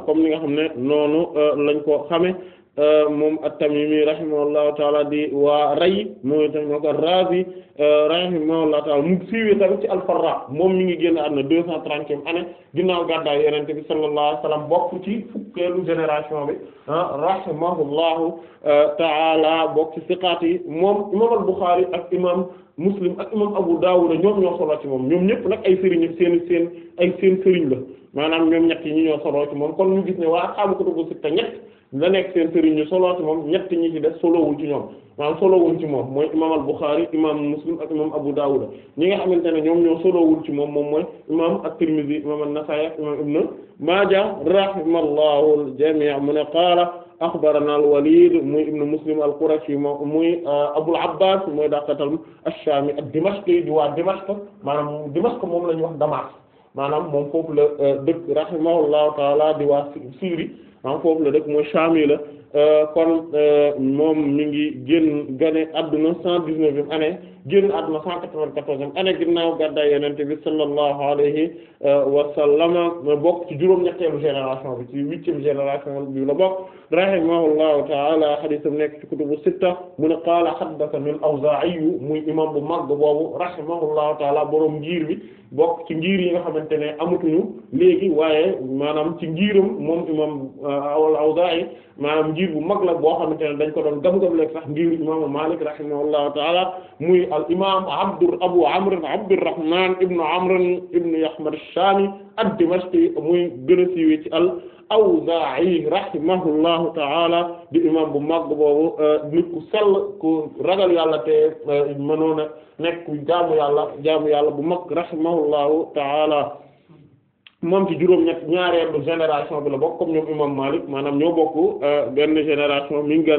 comme ni nga xam ne noonu lañ ko xamee. Euh, moom at-Tamimi rahimahullahu taala di waa Ray mooy tamit moo ko Razi euh, rahimahullahu taala mu siiwee tamit ci al moom ñu ngi génn àdduna deux cent trentième année ginnaaw gàddaay Yonent bi sallallahu alayhi bokk ci fukkeelu génération bi ah, rahimahullahu euh, taala bokk ci siqaat yi moom imaam al ak imaam Muslim ak imaam Abu Dawud ñoom ñoo solo ci moom ñoom ñëpp nag ay sëriñ seen seen ay seen sëriñ la maanaam ñoom ñett ñu ñoo solo ci moom kon ñu gis ne waa xaabu kutubu sitta ñett la nekk seen sëriñ ñu solo ci moom ñett ñi ci def solowul ci ñoom maanaam solowul ci moom mooy imam al-Bukhari imam Muslim ak imam Abu Dawud ñi nga xamante ne ñoom ñoo solowul ci moom moom mooy imam at-Tirmidhi imam an-Nasa'i ak imam Ibn Majah rahimallahu al-jami' mu ne qaala axbarana al-Walid muy ibn Muslim al-Qurashi muy uh, Abul Abbas mooy daqatal ash-Shami ad-Dimashqi di waa Dimashq maanaam Dimashq moom la wax Damas maanaam moom foofu la uh, dëkk rahimahullahu ta'ala di waa Syrie en ah foofu la dëkk mooy Shaami la euh, kon euh, moom mi ngi génn gane àdduna cent dix-neuvième année génn àdduna 194e année ginnaaw gàddaay yonent bi sallallahu alayhi euh, wa sallam bokk ci juróom-ñetteelu génération bi ci huitième génération bi la bokk rahimahullahu ta'ala haditham nekk ci kutubu sitta mu ne qaala haddathana al-Awzaa'i muy imam bu mag boobu rahimahullahu ta'ala boroom ngir bi bokk ci ngir yi nga xamante ne amatuñu léegi waaye maanaam ci ngiram moom imam euh, al-Awzaa'i maanaam ngir bu mag la boo xamante ne dañ ko doon gam-gam lekk sax ngir imaamu Maalik al imam abdur abu amr abdurrahman ibnu amr ibnu yahmad ash-shami ad-dimashqi muy gën a ci al awzaa'i rahimahullahu ta'ala di imam bu mag boobu euh, nit ku sell ku ragal yàlla te euh, mënoon a nekk jaamu yàlla jaamu yàlla bu mag rahimahullahu ta'ala moom ci juróom ñett ñaareelu génération bi la bokk comme ñoom imam Malik maanaam ñoo bokk euh, benn génération mi ngi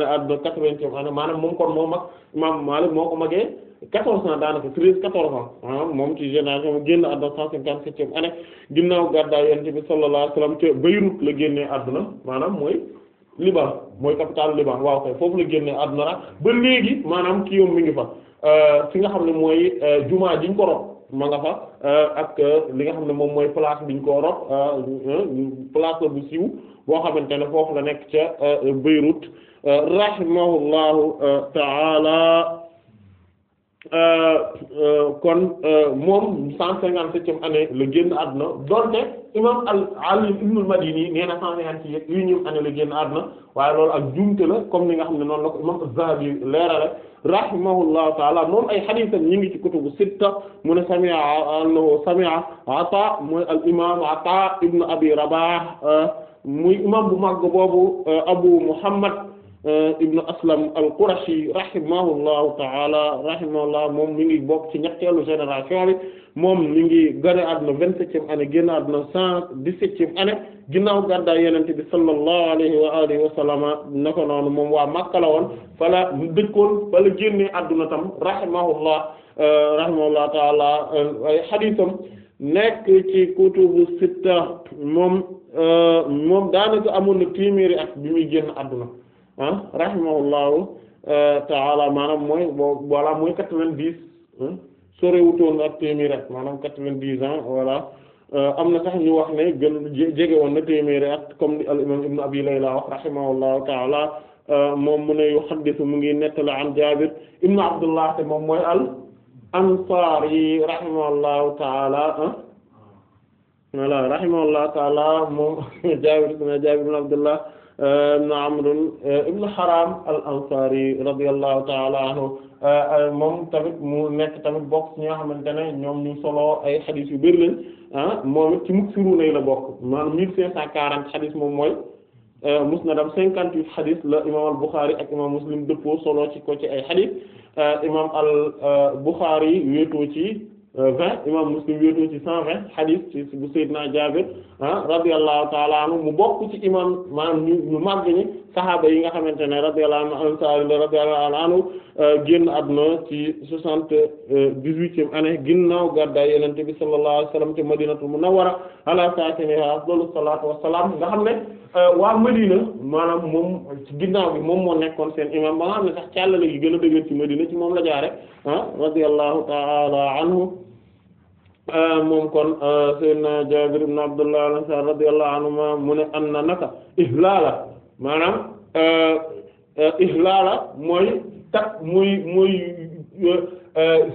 moom kon moo mag imam Malik moo ko magee quatorze cent daanaka treize quatorze cent moom ci génération mu génn àdduna cent cinquante-septième année ginnaaw gàddaay yonent bi sallallahu alayhi wa la génnee àdduna maanaam mooy Liban mooy capitale Liban waaw kay foofu la génnee àdduna ra ba léegi maanaam ki yoom mi ngi fa euh, fi nga xam ne mooy euh, jumaa jiñ ko rob ma nga fa euh, ak li nga xam ne moom mooy place biñ ko rob place la bu siiw boo xamante ne foofu la nekk ca Beyrouth rahimahullahu ta'ala Euh, euh, kon euh, moom cent cinquante-septième année la génn àdduna donte imam al Ali ibn al-Madini nee na cent cinquante yu ñum année la génn àdduna waaye loolu ak juumte la comme ni nga xam ne noonu la ko imam Az-Zahabi leerale rahimahullahu taala moom ay xadiisam ñi ngi ci kutubu sitta mu ne sami'a annahu sami'a Ata mooy al imam Ata Abi Rabah muy imam bu mag boobu Abu Muhammad Euh, ibnu aslam al qurashi rahimahullahu taala rahimahullah moom mi bokk ci ñetteelu génération bi moom mi ngi gane àdduna vingt-septième année génn àdduna cent dix-septième année ginnaaw gàddaay yenente bi sallallahu alayhi wa alihi wa sallama naka noonu moom waa Makka la woon fala dëkkoon fala génnee àdduna tam rahimahullah euh, rahimahullah taala euh, ay nekk ci kutubu sitta moom moom daanaka amoon na téeméeri at bi muy génn àdduna Ah, rahimahullahu eh, taala maanaam mooy voilà mooy quatre-vingt-dix sorewutoon ak téeméer ak maanaam quatre-vingt-dix ans voilà eh, am na sax ñu wax ne jege woon na téeméeri at comme ni al imam ibnu abi layla wax rahimahullahu taala eh, moom mu ne yu xaddisu mu ngi nettali an jabir ibnu abdullah te moom mooy al ansari rahimahullahu taala voilà rahimahullahu taala moom jabir ibnu abdullah ibn Amr eh, ibn Haram al-Ansari radiyallahu ta'ala anhu eh, eh, moom tamit mu nekk tamit bokk ci ñoo xamante ne ñoom ñu solo ay xadis yu bëri lañ ah moom it ci muksiruna yi la bokk maanaam 1540 xadis moom mooy musnadam 58 xadis la imaam al-Bukhari ak imaam Muslim dëppoo solo ci ko ci ay xadis imaam al-Bukhari wéetoo ci. Euh, vingt imam Muslim wéetoo ci cent vingt hadith ci bu Seydina Jaabir ah radiyallahu anhu mu bokk ci imam maanaam ñu ñu màgg ñi sahaaba yi nga xamante ne radiyallahu anhu ansari radiyallahu anhu euh, génn àdduna ci soixante dix huitième anne ginnaaw gàddaay yenente bi sallallahu alayhi wasallam te madinatul munawwara ala saakiniha afdalu salaatu wassalaam nga xam ne euh, waa Madina maanaam moom ci ginnaaw bi moom moo nekkoon seen imam ba nga xam ne sax càllale gi gën a dëgër ci Madina ci moom la jaare ah radiyallahu taala anhu Euh, moom kon euh, sayyidina Jaabir ibn Abdullah al mu ne an na naka ihlala maanaam euh, ihlala mooy tak muy muy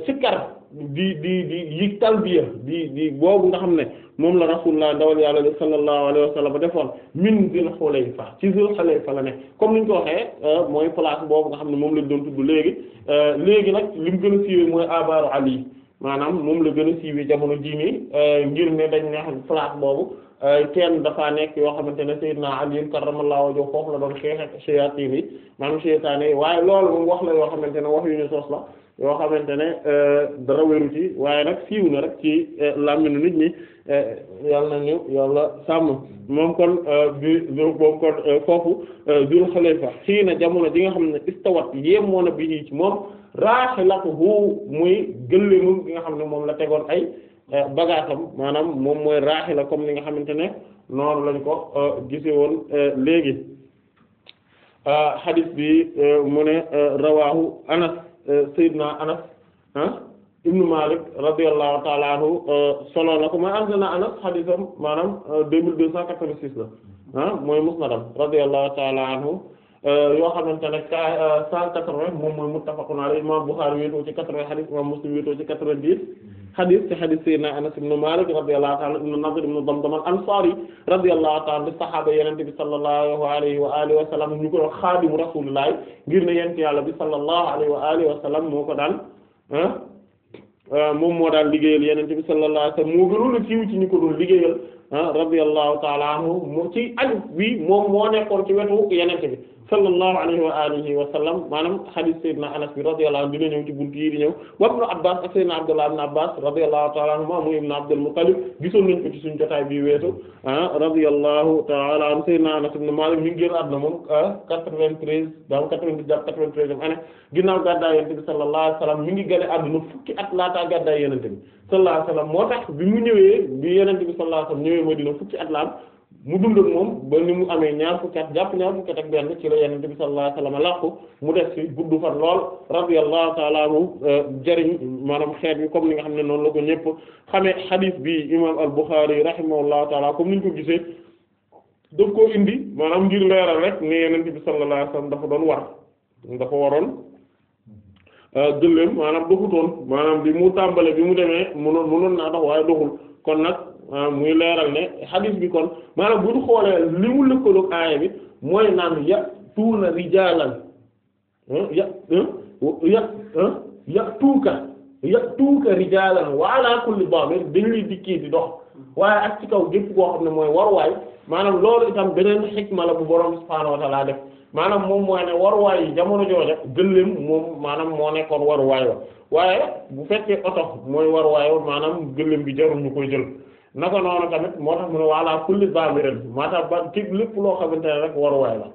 sikkar di di di yi talbiya di di boobu nga xam ne moom la rasulullah dawal yàlla li la alayhi wa sallam defoon min Zul Xulayfa ci Zul Xulayfa la ne comme ni ñu ko waxee mooy place boobu nga xam ne moom lañ doon tudd léegi léegi nag li mu gën a siiwee mooy abaaru ali maanaam moom la gën a siiwee jamono jii nii euh, ngir ne dañ ne xam place boobu euh, kenn dafaa nekk yoo xamante ne Seydina Ali karramallahu wajhu foofu la doon xeex ak shayaatiin yi maanaam shaytaane yi waaye loolu moom wax la yoo xamante ne wax yu ñu sos la yoo xamante ne euh, dara wéru ci waaye nag siiw na rek ci làmmiñu nit ñi yàlla nañu yàlla sàmm moom kon bi moom kon foofu Dul na jamono ji nga xam ne istawat yéem moo na bi ci moom raahilatuhu muy gëléemam gi nga xam ne moom la tegoon ay eh, bagaatam maanaam moom mooy la comme ni nga xamante ne noonu lañ ko eh, gise woon eh, léegi hadith ah, bi mu ne rawahu anas sayyidina anas ah, ibnu malik radiyallahu ta'ala anhu solo na ko mooy am na anas haditham maanaam deux mille deux cent quatre-vingt-six ah, Euh, yoo xamante ne euh, cent quatre-vingts moom mooy muttafaqun alayhi imam Bukhari wéetoo ci quatre-vingts xadis imam Muslim wéetoo ci quatre-vingt-dix xadis ci xadis sayyidina Anas ibn Malik radiyallahu ta'ala ibn Nadr ibn Damdam al-Ansari radiyallahu ta'ala di sahaaba yenente bi sallallahu alayhi wa alihi wa sallam ñu ko wax xaadimu rasulillah ngir ne yent yàlla ah, euh, moom moo daal liggéeyal yeneen bi sallallahu alayhi wa a siiw ah, bi moom moo nekkoon ci wetu yenente bi sallallahu alayhi wa alihi wa sallam maanaam hadith sayyidina anas bi radiyallahu anhu dina ñëw ci buntu yi di ñëw wa ibn abbas ak sayyidina abdullah ibn abbas radiyallahu ta'ala anhuma ah, anas ibn malik mi ngi génn àdduna moom ah, quatre-vingt-treize dam quatre-vingt-dix quatre-vingt-treizième année ginnaaw gàddaay yonent bi sallallahu alayhi wa ngi gane àdduna fukki at laataa gàddaay yonent bi sallallahu alayhi moo tax bi mu ñëwee bi yonent bi sallallahu alayhi ñëwee mu dund ak moom ba ni mu amee ñaar fukki at jàpp ñaar fukki ak benn ci la yonent bi sallallahu alayhi wasallam mu def ci gudd fan lool radiyallahu ta'ala anhu euh, jëriñ maanaam xeet yi comme ni nga xam ne noonu la ko ñëpp xamee xadiis bi imam al-Bukhari rahimahullahu ta'ala ko gisee daf koo indi maanaam ngir leeral rek ne yonent bi sallallahu dafa doon war dafa waroon euh, gëléem maanaam doxutoon maanaam bi mu tàmbale bi mu demee mënoon mënoon naa muy leeral ne xadiis bi kon maanaam bu ñu xoolee li mu lëkkaloog aaya bi mooy naan ya tuuna rijaalan ya ya ya tuuka ya tuuka rijaalan wa ala kulli damir dañ lay dikkee di dox waaye ak ci kaw gépp koo xam ne mooy waruwaay maanaam loolu itam beneen xikma la bu borom subhaanahu wa laa def maanaam moom mooy ne waruwaay yi jamono jooja gëléem moom maanaam moo nekkoon waruwaay wa waaye bu fekkee oto mooy waruwaay wa maanaam gëléem bi jarul ñu koy naka noonu tamit moo tax mu ne wala kulli zamirin maa tax ba ci lépp loo xamante ne rek waruwaay la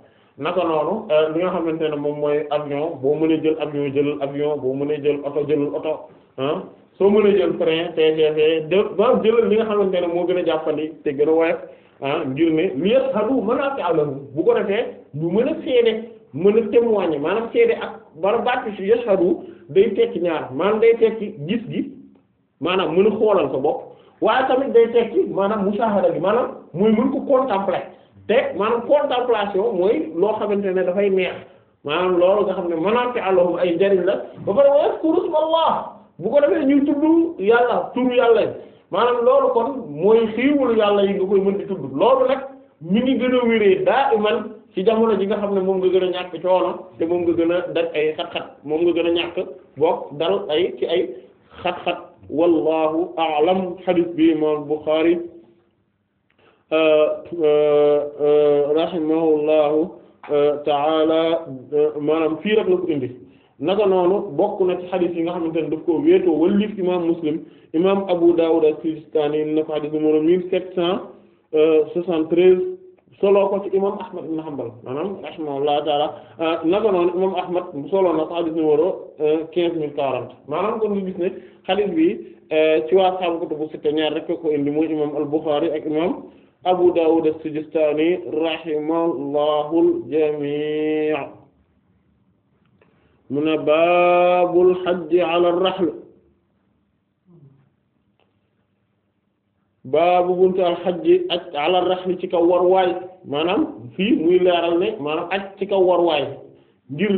naka noonu euh, li nga xamante ne moom mooy avion boo mënee jël avion jëlal avion boo mënee jël oto jëlal oto soo mënee jël train TGV de jëlal li nga xamante ne moo gën a jàppandi te gën a woyof ah ngir ne li yëpp xalu mën a alahu bu ko defee ñu mën a seede mën a témoigner maanaam seede ak bara batti si yëpp xalu day tekki ñaar maanaam day tekki gis gi maanaam mën a xoolal ko bopp waaye tamit day tekki maanaam musaahada bi maanaam mooy mën ko contempler te maanaam contemplation mooy loo xamante ne dafay neex maanaam loolu nga xam ne mënaat ci àllum ay njariñ la ba pare wa yadkuru Allah bu ko defee ñuy tudd yàlla turu yàlla maanaam loolu kon mooy xiiwalu yàlla yi nga koy mën loolu nag mi ngi gën a wéree daa iman ci jamono ji nga xam ne moom nga gën a ñàkk coono te moom nga gën a daj ay xat moom nga gën a ñàkk bokk dal ay ay xat-xat. wallahu a'lam hadith bi imam Bukhari euh, rahimahullahu euh, ta'ala euh, maanaam fii rek la ko indi naka noonu bokk na ci hadith yi nga xamante ne daf koo wéetoo wallif imam Muslim imam Abu Dawud as-Sijistani na ko hadith numéro mille sept cent soixante-treize solo ko ci imam Ahmad ibn Hanbal maanaam rahimahullahu ta'ala naka noonu imam Ahmad solo na ko hadith numéro quinze mille quarante maanaam kon ñu gis hadith bi eh, ci waa saabu kutubu sitta ñaar rek ko indi muy imam al-Bukhari ak imam Abu Dawud as-Sijistani rahimahullahu al-jami' mu ne baabul hajji ala ar baabu buntu al hajji ak ala ar ci kaw war waay maanaam fii muy leeral ne maanaam ak ci kaw war waay ngir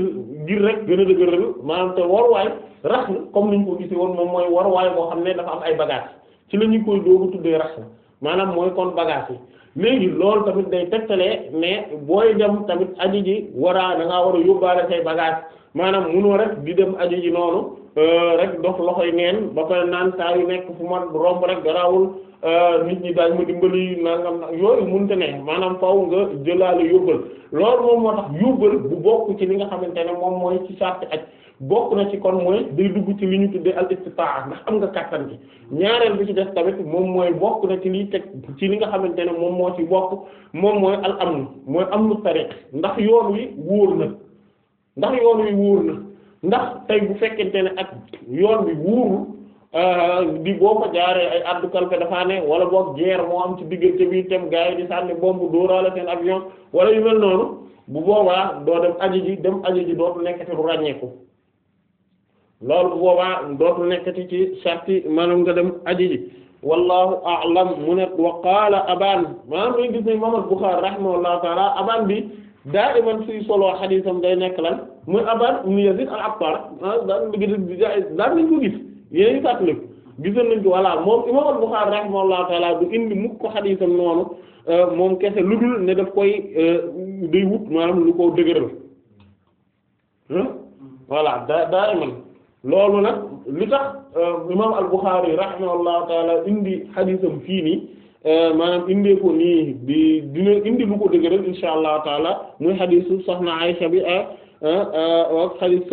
ngir rek gën a dëgëral maanaam te waruwaay rax comme ni ñu ko gisee woon moom mooy waruwaay boo xam ne dafa am ay bagage ci la ñu koy doogu tuddee rax na maanaam mooy kon bagage yi léegi loolu tamit day tegtalee mais booy dem tamit aji ji waraa da ngaa war a yóbbaale say bagage maanaam munoo rek di dem aji ji noonu euh, rek dox loxoy neen ba pare naan saa yu nekk fu man romb rek garawul euh, nit ñi daañ ma dimbali nangam nag yooyu mënta ne maanaam faw nga jëlaale yóbbal loolu moom moo tax yóbbal bu bokk ci li nga xamante ne moom mooy ci sàrt aj bokk na ci kon mooy day dugg ci li ñu tuddee al istitaa ndax am nga kàttan gi ñaareel bi ci def tamit moom mooy bokk na ci li teg ci li nga xamante ne moom moo ci bokk moom mooy al amn mooy amnu tariq ndax yoon wi wóor na ndax yoon wi wóor na ndax tey bu fekkente ne ak yoon bi wóorul euh, di boo ko jaaree ay addu kalfe dafaa ne wala boog guerre moo am ci diggante bi tem gars di sànni bombu dóoraale seen avion wala yu mel noonu bu boobaa doo dem aji ji dem aji ji dootu nekkati ràññeeku loolu bu boobaa dootu nekkati ci sarti maanaam nga dem aji ji wallahu a'lam mu ne wa qaala abaan maanaam day gis ne imam al-Bukhari rahimahullahu taala abaan bi daa iman suy soloo xadiisam day nekk lan muy abaan ibn Yazid al-Attar ah, daan al-Bukhari rahimahullahu taala du indi mukk ko xadiisam noonu euh, moom kese lu dul ne daf koy euh, day wut maanaam lu ko dëgëral hmm? voilà daa daa iman loolu nag li tax euh, imaam al-Bukhari rahimahullahu taala indi xadiisam fii nii euh, maanaam indee ko nii di dina indi lu ko dëgëral insha allah taala muy xadiisu soxna Aysa bi euh, ak xadiis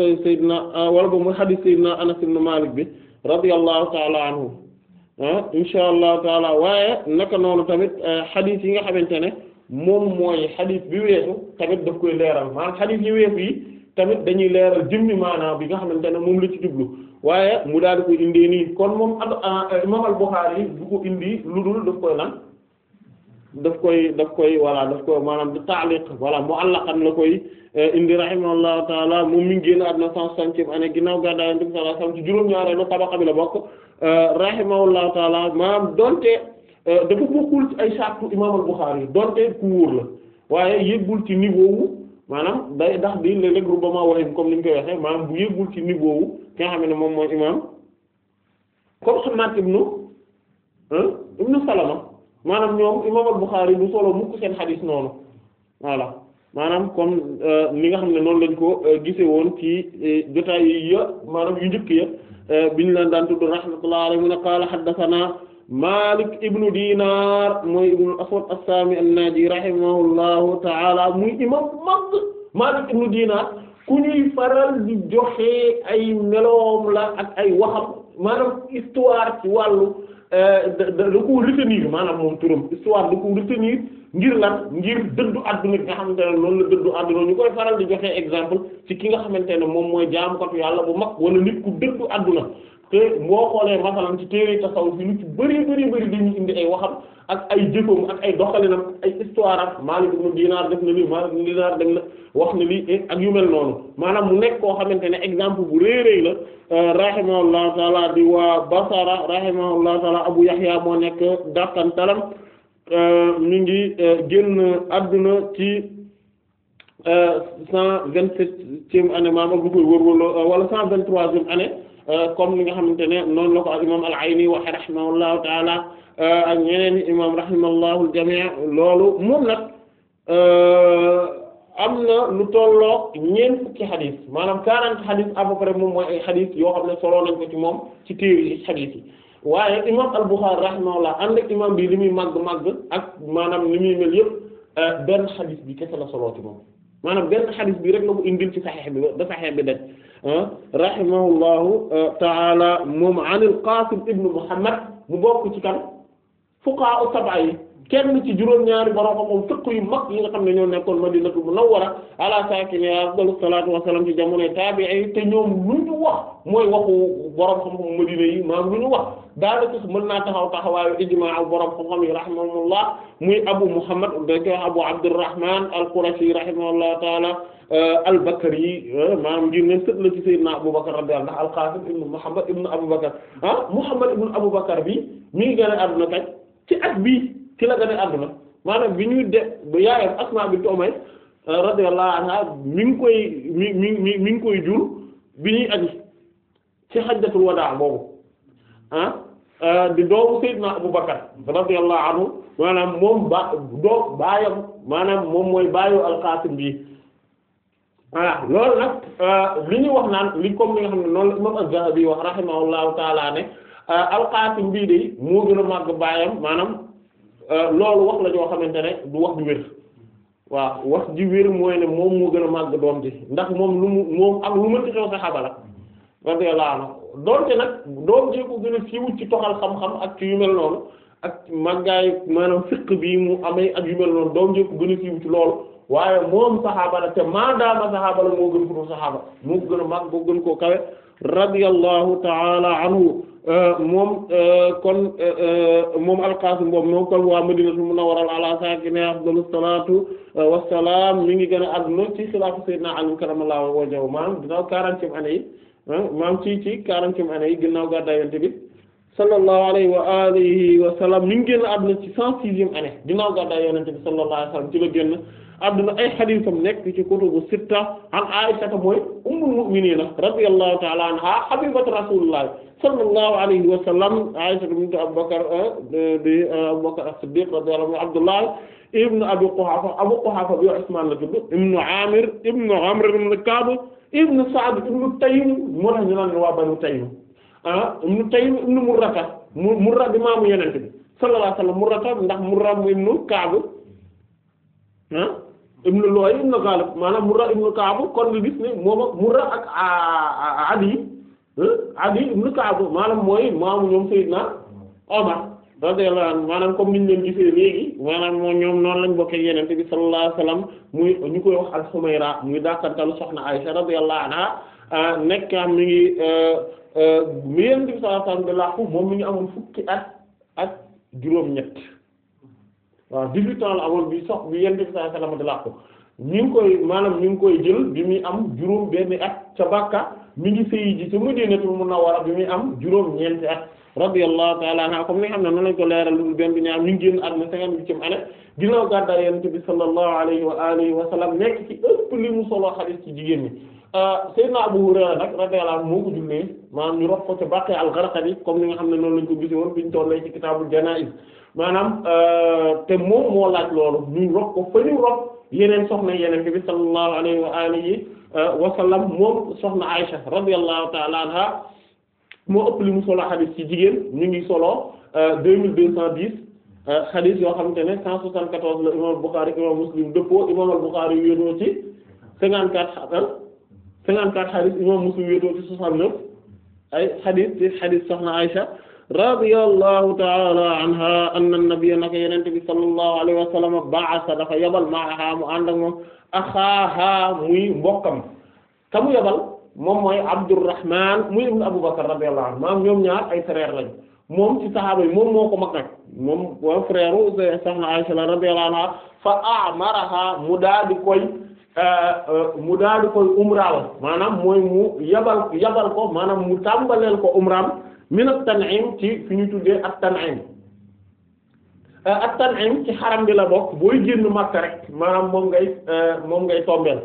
wala ba muy xadiis Seydina Anas ibn Malik bi radiyallahu taala anhu insha allah taala waaye naka noonu tamit xadiis yi nga xamante ne moom mooy xadiis bi weesu tamit daf koy leeral maanaam xadiis yi weesu yi. tamit dañuy leeral jëmmi maanaa bi nga xamante ne moom la ci jublu waaye mu daal di koy indee nii kon moom ah, eh, imam al-Bukhari du ko indi lu dul daf koy lan daf koy daf koy voilà daf koy maanaam di taaliq voilà mu'allaqan la koy eh, indi rahimahullahu taala moom mi ngi génn àdduna cent soixantième année ginnaaw gàddaay Yonent bi sallallahu alayhi wasallam ci juróom-ñaareelu tabaqa bi la bokk eh, rahimahullahu taala maanaam donte dafa bokkul ay sartu imam al-Bukhari ku wóor la waaye maanaam day ndax di léeg-léeg rubbama wahim comme ni ñu koy waxee maanaam bu yëgul ci niveau wu ki xam ne moom mooy imaam comme Hammaad ibnu ibnu Salama maanaam ñoom imaam al-Bukhari du solo mukk seen xadiis noonu voilà maanaam comme euh, li nga xam ne noonu lañ ko euh, gise woon ci euh, jotaay yi ya maanaam yu njëkk ya ñu leen daan tudd rahmatullahi alayhi mu ne qaala haddasanaa Malik ibnu Dinar mooy ibnu Aswad as-Sami an-Naji rahimahullahu muy imam mag Malik ibnu Dinar ku ñuy faral di joxe ay meloom la ak ay waxam maanaam histoire ci wàllu euh, da da ko retenir maanaam moom turam histoire da ko retenir ngir lan ngir dëddu àdduna bi nga xamante ne noonu la dëddu àdduna ñu koy faral di joxe exemple ci ki nga xamante ne moom mooy jaamukatu yàlla bu mag wala nit ku dëddu àdduna te boo xoolee masalan ci téere tasawuf fi lu ci bëri bëri bëri dañuy indi ay waxam ak ay jëfam ak ay doxalinam ay histoire am Maalik ibn Dinaar def na wax na lii ak yu noonu maanaam mu nekk koo xamante ne exemple bu réeréy la euh, rahimahullahu taala di waa Basara rahimahullahu taala Abu Yahya moo nekk daftan talam mi euh, ngi euh, génn àdduna ci cent vingt-septième année maanaam bu koy wër wala cent vingt-troisième année Euh, comme li nga xamante ne noonu la ko al imam al ayni waxe rahimahullahu taala euh, ak ñeneen imam rahimahullahu al jamii loolu moom nag euh, am na lu tolloog ñeent fukki xadis maanaam quarante xadis à peu près moom mooy ay xadis yoo xam ne soloo nañ ko ci moom ci téeri xadis yi waaye imam al buxaari rahimahullah ànd ak bi li muy màgg màgg ak maanaam li muy mel yëpp benn xadis bi kese la soloo ci moom maanaam benn xadis bi rek la ko indil ci saxeex bi ba saxeex bi daj ah, rahimahullahu euh, taala moom an al qasim ibnu muhammad mu bokk ci kan fuqaha sab'a yi kenn ci juróom-ñaari borom xam-xam tëkk yu mag yi nga xam ne ñoo nekkoon Madinatul Munawwara ala saakinihaa afdalu salaatu wa salaam ci jamonoy taabi'i te ñoom lu ñu wax mooy waxu borom xam-xam Madina yi maam lu ñu wax daanaka mën naa taxaw taxawaayu ijmaa borom xam-xam yi rahimahumullah muy Abu Muhammad dako Abu Abdurrahman al-Qurashi rahimahullahu taala euh, al-Bakri yi euh, maanaam ngir ne sët la ci Seydina Abu Bakr radiyallahu anhu al-Qasim ibn Muhammad ibn Abu Bakr ah Muhammad ibn Abu Bakr bi mi ngi gën a àdduna kañ ki la gën a àdduna maanaam bi ñuy de yaayam Asmaa bi toomay euh, radiyallahu anha mi koy mi koy jur bi ñuy aji ci xajjatul wadaa boobu ah, euh, di doomu Seydina Abu Bakar radiyallahu anhu maanaam moom ba doo baayam maanaam moom mooy baayu alqaasim bi voilà ah, loolu nag euh, li ñu wax naan li comme li xam ne noonu la imam az-Zahabi wax rahimahullahu taala ne alqaasim bii de moo gën a màgg baayam maanaam Euh, loolu wax la ñoo xamante ne du wax ju wér waaw wax ji wér mooy ne moom moo gën a màgg doom ji ndax moom lu mu moom ak lu ma ci xew saxaaba la radiyallahu anhu doom ji ko gën a siiw ci toxal ak yu mel noonu ak màggaay maanaam fiq bi mu amee ak yu mel noonu doom ji ko gën a siiw ci loolu waaye moom saxaaba la te maadaama saxaaba la moo gën ko saxaaba moo gën a màgg boo gën koo kawe radiyallahu ta'ala anhu Euh, moom euh, kon euh, moom al-Qasim boobu moom kon waa Madinatul Munawwara ala saakinihaa afdalu salaatu wa salaam mi ngi gën a adduna ci xilaafu Sayyidina Ali karramallahu wajhahu maanaam ginnaaw quarantième année yi maanaam ci ci quarantième année yi ginnaaw gàddaay Yonent bi sallallahu alayhi wa alihi wa sallam mi ngi gën a adduna ci cent sixième année ginnaaw gàddaay Yonent bi sallallahu alayhi wa sallam ci la génn. adduna ay xadiisam nekk ci kutubu sitta an Aisha mooy ummul mu'miniina radiyallahu ta'ala anha habibatu rasulillah sallallahu alayhi wa sallam Aisha bint Abu Bakr ah, di Abu Bakr as-Siddiq radiyallahu anhu Abdullah ibn Abi Quhafa Abu Quhafa bi Usman la tudd ibn Amir ibn Amr ibn Ka'b ibn Sa'd ibn Taym moo tax ñu naan waa Banu Taym ah ibn Taym ibn Murrata Murra bi maamu Yonent bi sallallahu alayhi wa sallam Murrata ndax Murra ibn Ka'b ah ibnu Lu'ay ibnu Ghalib maanaam Murra ibnu Ka'b kon nga gis ne moom ak Murra ak Adi Adi ibnu Ka'b maanaam mooy maamu ñoom Seydina Omar radiyallahu maanaam comme niñ leen léegi maanaam moom noonu lañ bokkee yenente bi sallallahu alayhi wasallam muy ñu koy wax al-Humayra muy dàkkantalu soxna Aisha radiyallahu anha nekk am mi ngi mi e, e, yenente bi sallallahu alayhi wasallam de laafu moom mi ngi amoon fukki at ak juróom-ñett waaw 18 ans la amoon bi sox bi yonent bi sallallahu alayhi wasallam di ko koy maanaam ñu ngi koy jël bi muy am juróom benn at ca Bakka mi ngi sëyi ji ca Madinatul Munawwara am juróom ñeenti at radiyallahu ta'ala ne noonu lañ ko leeral lu bi ñaar ñu ngi génn at na cinquante-huitième année ginnaaw gàddaay yonent bi jigéen ñi ah, Seydina Abu Hurayra comme ni nga xam ne noonu lañ ko gise woon biñ tollee ci kitaabul janaa'iz maanaam euh, te moom moo laaj loolu ñu rob ko fa ñu yeneen soxna yeneen bi sallallahu alayhi wa alihi euh, wa sallam moom soxna Aisha radiyallahu ta'ala anha moo ëpp li mu solo xadis ci jigéen ñu ngi solo euh, deux mille deux cent dix xadis yoo xamante ne cent soixante quatorze la imam Bukhari imam Muslim dëppoo imam al wéetoo ci cinquante quatre cinquante quatre Muslim wéetoo ci soixante neuf ay xadis ci xadis soxna Aisha radiyallahu ta'ala anha anna nabiyya naka yonent bi sallallahu alayhi wa sallam ba'asa mu ànd ak moom muy mbokkam ka yabal moom mooy Abdurrahman muy ibn Abu Bakr radiyallahu anhu maam ñoom ñaar ay frère lañ moom ci sahaaba moom moo ko mag nag moom waa frère u soxna Aisha radiyallahu anha fa amaraha mu daal koy euh, euh, mu daal di mu yabal yabal ko maanaam mu tàmbaleel ko umraam min at-Tan'im ci fi ñu tuddee at-Tan'im euh, at-Tan'im ci xaram bi la bokk booy génn Makka rek maanaam moom ngay euh, moom ngay tombeel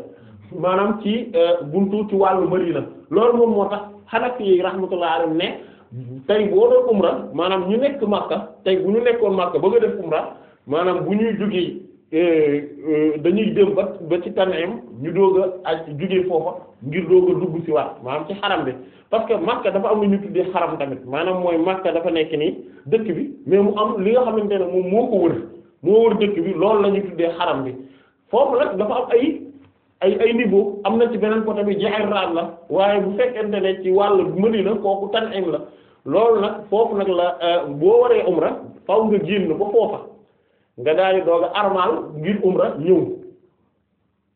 maanaam ci euh, buntu ci wàllu Madina loolu moom moo tax Hanafi yi rahmatullah alayhim ne tey boo doon umra maanaam ñu nekk Makka tey bu ñu nekkoon Makka bëgg a def umra maanaam bu ñuy jógee Euh, euh, dañuy dem ba ba ci Tan'im ñu doog a aj jugee foofa ngir doog dugg si waat maanaam ci xaram bi parce que Makka dafa am lu ñu tuddee xaram tamit maanaam mooy Makka dafa nekk nii dëkk bi mais mu am li nga xamante ne moom moo ko wër moo wër dëkk bi lool la ñu tuddee xaram bi foofu nag dafa am ay ay ay niveau am na ci beneen côté bi Ji'irraat la waaye bu fekkente ne ci wàll bu ma na kooku Tan'im la loolu nag foofu nag la euh, boo waree umra fow nga génn ba foofa. nga daal yi doog a armal ngir umra ñëw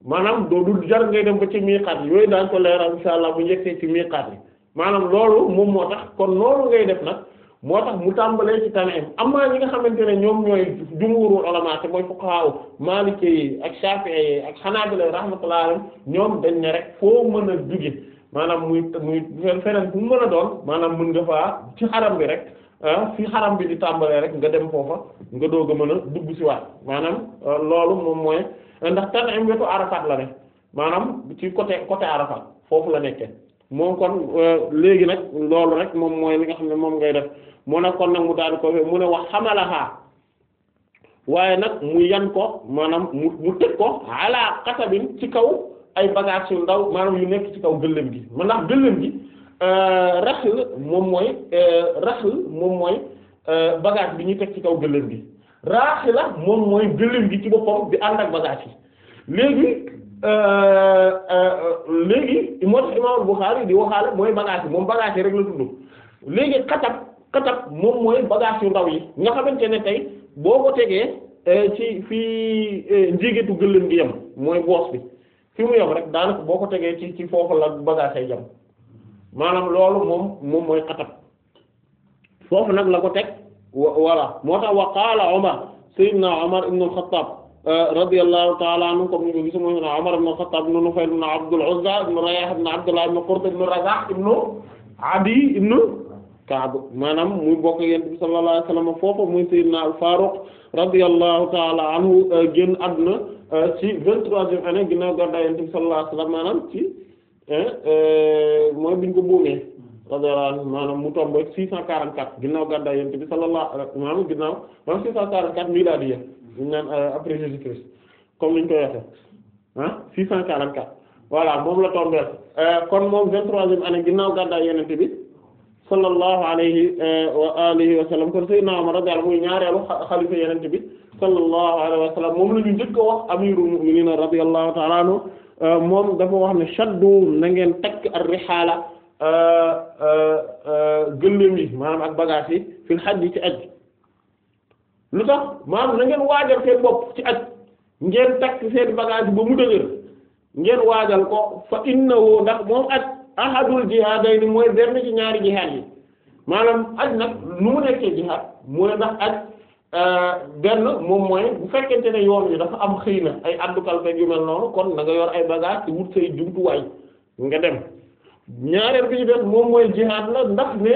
maanaam doo du jar ngay dem ba ci miiqaat yi yooyu daañ ko leeral insha allah bu njëkkee ci miiqaat yi maanaam loolu moom moo tax kon loolu ngay def nag moo tax mu tàmbalee ci tane am amaa ñi nga xamante ne ñoom ñooy jumhurul ulama te mooy fuqahaa maaliki yi ak shaafi'i yi ak xanaabila rahmatullahi alayhim ñoom dañ ne rek foo mën a jóge maanaam muy muy feneen mu mën a doon maanaam mën nga faa ci xaram bi rek Ah, fi xaram bi di tàmbalee rek nga dem foofa nga doog a mën a dugg ci waat maanaam euh, loolu moom mooy ndax Tan'im wetu Arafat la ne maanaam ci côté côté Arafat foofu la nekke moom kon euh, léegi nag loolu rek moom mooy li nga xam ne moom ngay def moo ne kon nag mu daal ko mu ne wax xamalaxaa waaye nag mu yan ko maanaam mu mu tëg ko ala xasabin ci kaw ay bagage yu ndaw maanaam yu nekk ci kaw gëléem gi man ndax gëléem gi Euh, raxl moom mooy euh, raxl moom mooy euh, bagage bi ñuy teg ci kaw gëléem gi raaxila moom mooy gëléem gi ci boppam bi ànd ak bagage yi léegi léegi moo tax imaam Buxaari di waxaale mooy bagage yi moom bagage yi rek la tudd léegi xatab xatab moom mooy bagage yu ndaw yi nga xamante ne tey boo ko tegee ci fii njégetu gëléem gi yem mooy boos bi fi mu yem rek daanaka boo ko tegee ci ci foofu la bagage ay maanaam loolu moom moom mooy xatab foofu nag la ko teg voilà moo tax wa qaala Omar Seydina Omar ibn al-Khattab euh, radiyallahu ta'ala anhu comme ni ko gis mooy Omar ibn al-Khattab ibn Nufayl ibn Abdul Uzza ibn Rayah ibn Abdullah ibn Qurt ibn Razah ibn Adi ibn Ka'b maanaam muy bokk yent bi sallallahu alayhi wasallam foofu muy Seydina al-Faruq radiyallahu ta'ala anhu euh, génn àdduna euh, ci vingt-troisième année ginnaaw gàddaay yent bi sallallahu alayhi wasallam maanaam ci Euh, mooy biñ ko buumee radiyallahu anhu maanaam mu tombe 644 ginnaaw gàddaay yonent bi sallallahu alayhi wa sallam ginnaaw maanaam 644 miladiya ñu naan euh, après Jésus-Christ comme liñ koy waxe ah 644 voilà moom la tombé euh, kon moom 23e année ginnaaw gàddaay yonent bi sallallahu alayhi wa alihi wa sallam kon Seydina Umar radiyallahu anhu muy ñaareelu xalifa yonent bi sallallahu alayhi wa sallam moom la njëkk a wax Euh, moom dafa wax ne shaddu na ngeen takk ar-rihaala euh, euh, gëléem yi maanaam ak bagage yi fil bi ci aj lu tax maanaam na ngeen waajal seen bopp ci aj ngeen takk seen bagage ba mu dëgër ngeen waajal ko fa innahu ndax moom aj ahadul jihaadayni mooy benn ci ñaari jihaad yi maanaam aj nag nu mu nekkee jihaad mooy ndax aj Euh, benn moom mooy bu fekkente ne yoon wi dafa am xëy na ay àddukaal fekk yu mel noonu kon na nga yor ay bagage ci wut say jumtuwaay nga dem ñaareel bi ñu moom mooy jihaad la ndax ne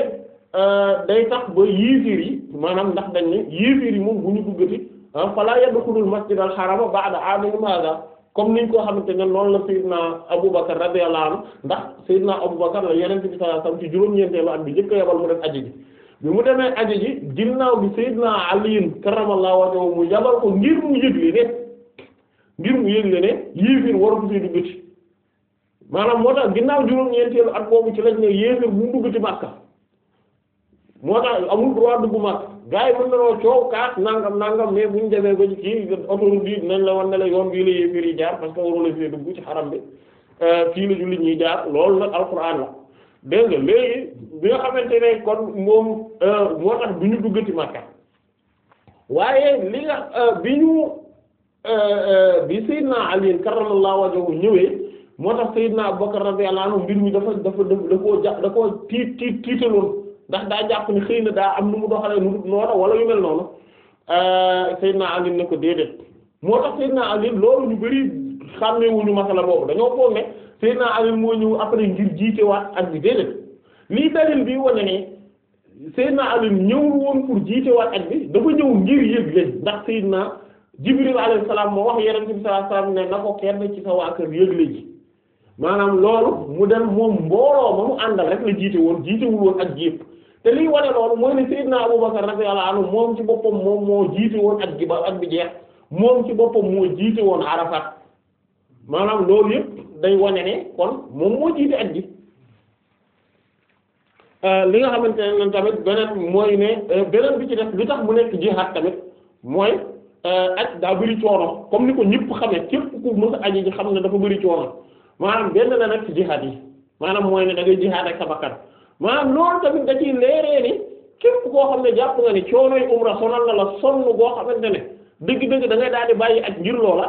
euh, day tax ba yiifir yi maanaam ndax dañ ne yiifir yi moom bu ñu duggati ah, fala yadkhulul masjidal harama ba'da amihim hada comme niñ koo xamante ne noonu la Seydina Aboubacar radiyallahu anhu ndax Seydina Aboubacar la Yonent bi sallallahu alayhi wasallam ci juróom-ñeenteelu at bi njëkk a yabal mu def bi mu demee aji ji ginnaaw bi Seydina Ali karramallahu wajhahu mu yabal ko ngir mu yëgle ne ngir mu yëgle ne yéefir waratu fee duggati maanaam moo tax ginnaaw juróom-ñeenteelu at boobu ci lañ ne yéefir bu mu duggati Makka moo tax amul droit dugg Makka gars yi mën nanoo coow kaas nangam nangam mais buñ demee ba ci kii autoroute nañ la wan la yoon bii la yéefir yi jaar parce que waroo la fee dugg ci xaram bi euh, fii la jullit ñuy jaar loolu nag alxuraan la dégg nga léegi bi nga xamante ne kon moom euh, moo tax du ñu duggati Makka waaye li nga euh, bi ñu euh, bi Seydina Ali karramallahu wajhahu ñëwee moo tax Seydina Abubakar radiyallahu anhu mbir mi dafa dafa da koo ja da koo tiit tiit tiitaloon ndax daa jàpp ne xëy na daa am nu mu doxalee nu noonu wala yu mel noonu naa Ali ne ko déedéet moo tax Seydina Ali loolu ñu bari xàmmewuñu masala boobu dañoo foog ne. Seydina Ali moo ñëw après ngir jiite waat ak bi déedéet lii dalil bi wane ne Seydina Ali ñëwul woon pour jiitewaat ak bi dafa ñëw ngir yëg leen ndax Seydina Jibril alayhi salaam moo wax Yonent bi sallallahu alayhi wasallam ne na ko kenn ci sa waa kër yëgle ji maanaam loolu mu dem moom mbooloo ma mu àndal rek la jiite woon jiitewul woon ak yëpp te liy wane loolu mooy ne Seydina Abubakar radiyallahu anhu moom ci boppam moom moo jiite woon ak gi ba ak bi jeex moom ci boppam moo jiite woon Arafat maanaam loolu yëpp. day wane ne kon moom moo jiite at ji euh, li nga xamante ne tamit beneen mooy ne euh, beneen bi ci def li tax mu nekk jihaad tamit mooy euh, aj daa bëri coono comme ni ko ñëpp xamee képp ku mës a aji xam ne dafa bëri coono maanaam benn la nag ci jihaad yi maanaam mooy ne da ngay jihaad ak sa bakkan maanaam loolu tamit da ciy leeree ni képp koo xam ne jàpp nga ne coono yi umra sonal na la sonn goo xamante ne dëgg-dëgg dangay ngay daal di bàyyi ak ngir loola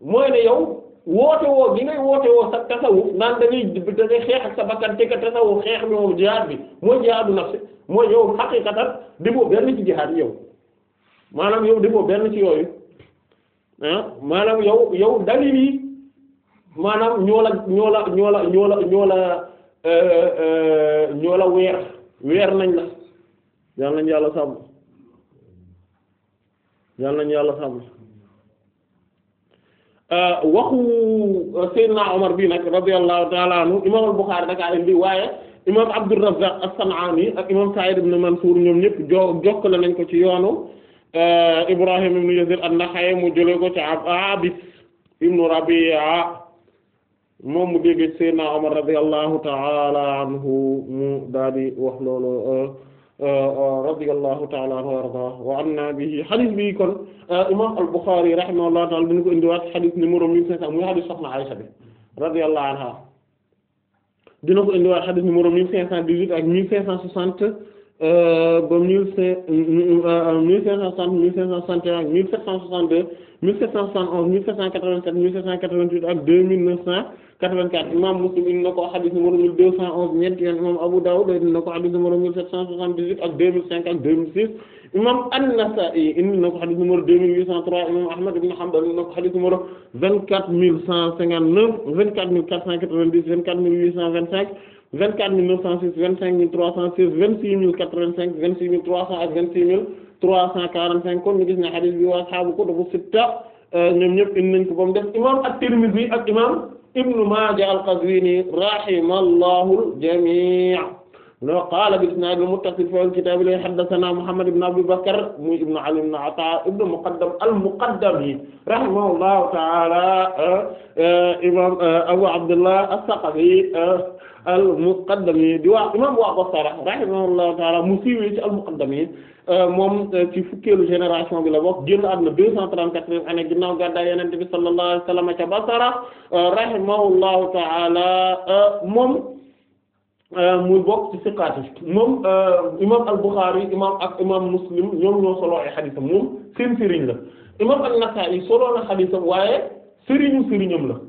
mooy yow woote woo gi ngay woote woo sa tasawuf naan da xeex ak sa bakkan te ka tasawuf xeex bi moom jihaad bi mooy jihaadu nafsi mooy yow xaqiqatan defoo benn ci jihaad yow maanaam yow defoo benn ci yooyu ah maanaam yow yow dalil yi maanaam ñoo la ñoo la ñoo la ñoo la ñoo la euh, euh, ñoo la weer weer nañ la yàlla nañ yàlla sàmm yàlla nañ yàlla sàmm Euh, waxu euh, Seydina Omar bii nag radiyallahu ta'ala anhu imam al-Bukhari dakaa waaye imam Abdurrazzaq as-San'ani ak imam Sa'id ibn Mansur ñoom ñëpp jo nañ ko ci yoonu euh, Ibrahim ibn Yazid an-Nakha'i mu jëlee ko ci Abis ibn Rabi'a moom mu dégg Seydina Omar radiyallahu ta'ala anhu mu daal wax loolu radiyallahu ta'ala anhu wa ardaahu wa anna bihi xadis bi kon imam al-Bukhari rahimahullahu ta'ala dina ko indiwaat xadis numéro mille cinq cent muy xadis soxna Aisha bi radiyallahu anha dina ko indiwaat xadis numéro mille cinq cent dix-huit ak mille cinq cent soixante Euh, ba mille cinq euh, euh, mille cinq cent soixante mille cinq cent soixante et un mille sept cent soixante deux mille sept cent soixante onze mille sept cent quatre vingt sept mille sept cent quatre vingt huit ak deux mille neuf cent quatre vingt quatre imam Muslim indi na ko hadith numéro mille deux cent onze ñeent yoon imam Abu Dawud indi na ko hadith numéro mille sept cent soixante dix huit ak deux mille cinq ak deux mille six imam An-Nasa'i indi na ko hadith numéro deux mille huit cent trois imam Ahmad ibn Hanbal indi na ko hadith numéro vingt quatre mille cent cinquante neuf vingt quatre mille quatre cent quatre vingt dix vingt quatre mille huit cent vingt cinq vingt quatre mille neuf cent six vingt cinq mille trois cent six vingt six mille quatre vingt cinq vingt six mille trois cent ak vingt six mille trois cent quarante cinq kon ñu gis ne xadis bi waa saabu ko dafa sitta euh, ñoom ñëpp indi nañ ko ba mu def imam at-Tirmidhi ak imam ibnu Maaja al-Qazwini rahimallahu al-jamii' no qaala bil isnaad al-muttasil fil kitaab li haddathana Muhammad ibn Abi Bakr muy ibnu Ali ibn Ataa ibnu Muqaddam al-Muqaddami rahimahullahu ta'ala euh, euh, imam Abu Abdullah as-Saqafi al-Muqaddami di waa imam waa Basra rahimahullahu taala mu siiwee ci al-Muqaddami euh, moom euh, ci fukkeelu génération bi la bokk génn àdduna deux cent trente-quatrième année ginnaaw gàddaay Yonent bi sallallahu alayhi wa sallam ca Basra euh, rahimahullahu taala moom muy bokk ci siqaat yi moom imam al-Bukhari imam ak imam Muslim ñoom ñoo solo ay xadisam moom seen sëriñ la imam an-Nasa'i solo na xadisam waaye sëriñu sëriñam la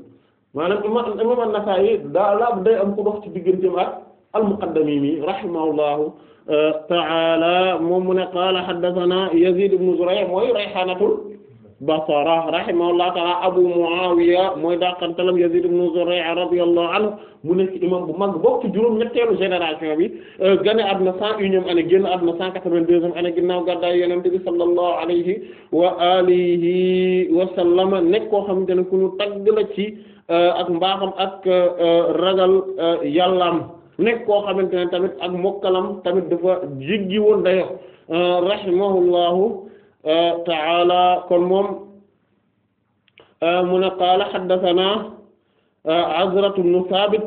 maanaam imam imam an-Nasaa'i daa laa day am ku dox ci digganteem ak al-Muqaddami mi rahimahullahu euh, ta'ala moom mu ne qaala haddathana Yazid ibn Zuray' mooy Rayhaanatul Basra rahimahullahu ta'ala Abu Muawiya mooy daqantalam Yazid ibn Zuray' radiyallahu anhu mu nekk imam bu mag bokk ci juróom-ñetteelu génération bi euh, gane àdduna cent unième année génn àdduna cent quatre-vingt-deuxième année ginnaaw gàddaay Yonent bi sallallahu alayhi wa alihi wa sallama nekk koo xamante ne ku ñu tagg la ci Euh, ak mbaaxam ak euh, ragal euh, yàllaam nekk koo xamante ne tamit ak mokkalam tamit dafa jéggi woon dayo rahimahullahu taala kon moom mu ne qaala haddathana Azratu ibnu Saabit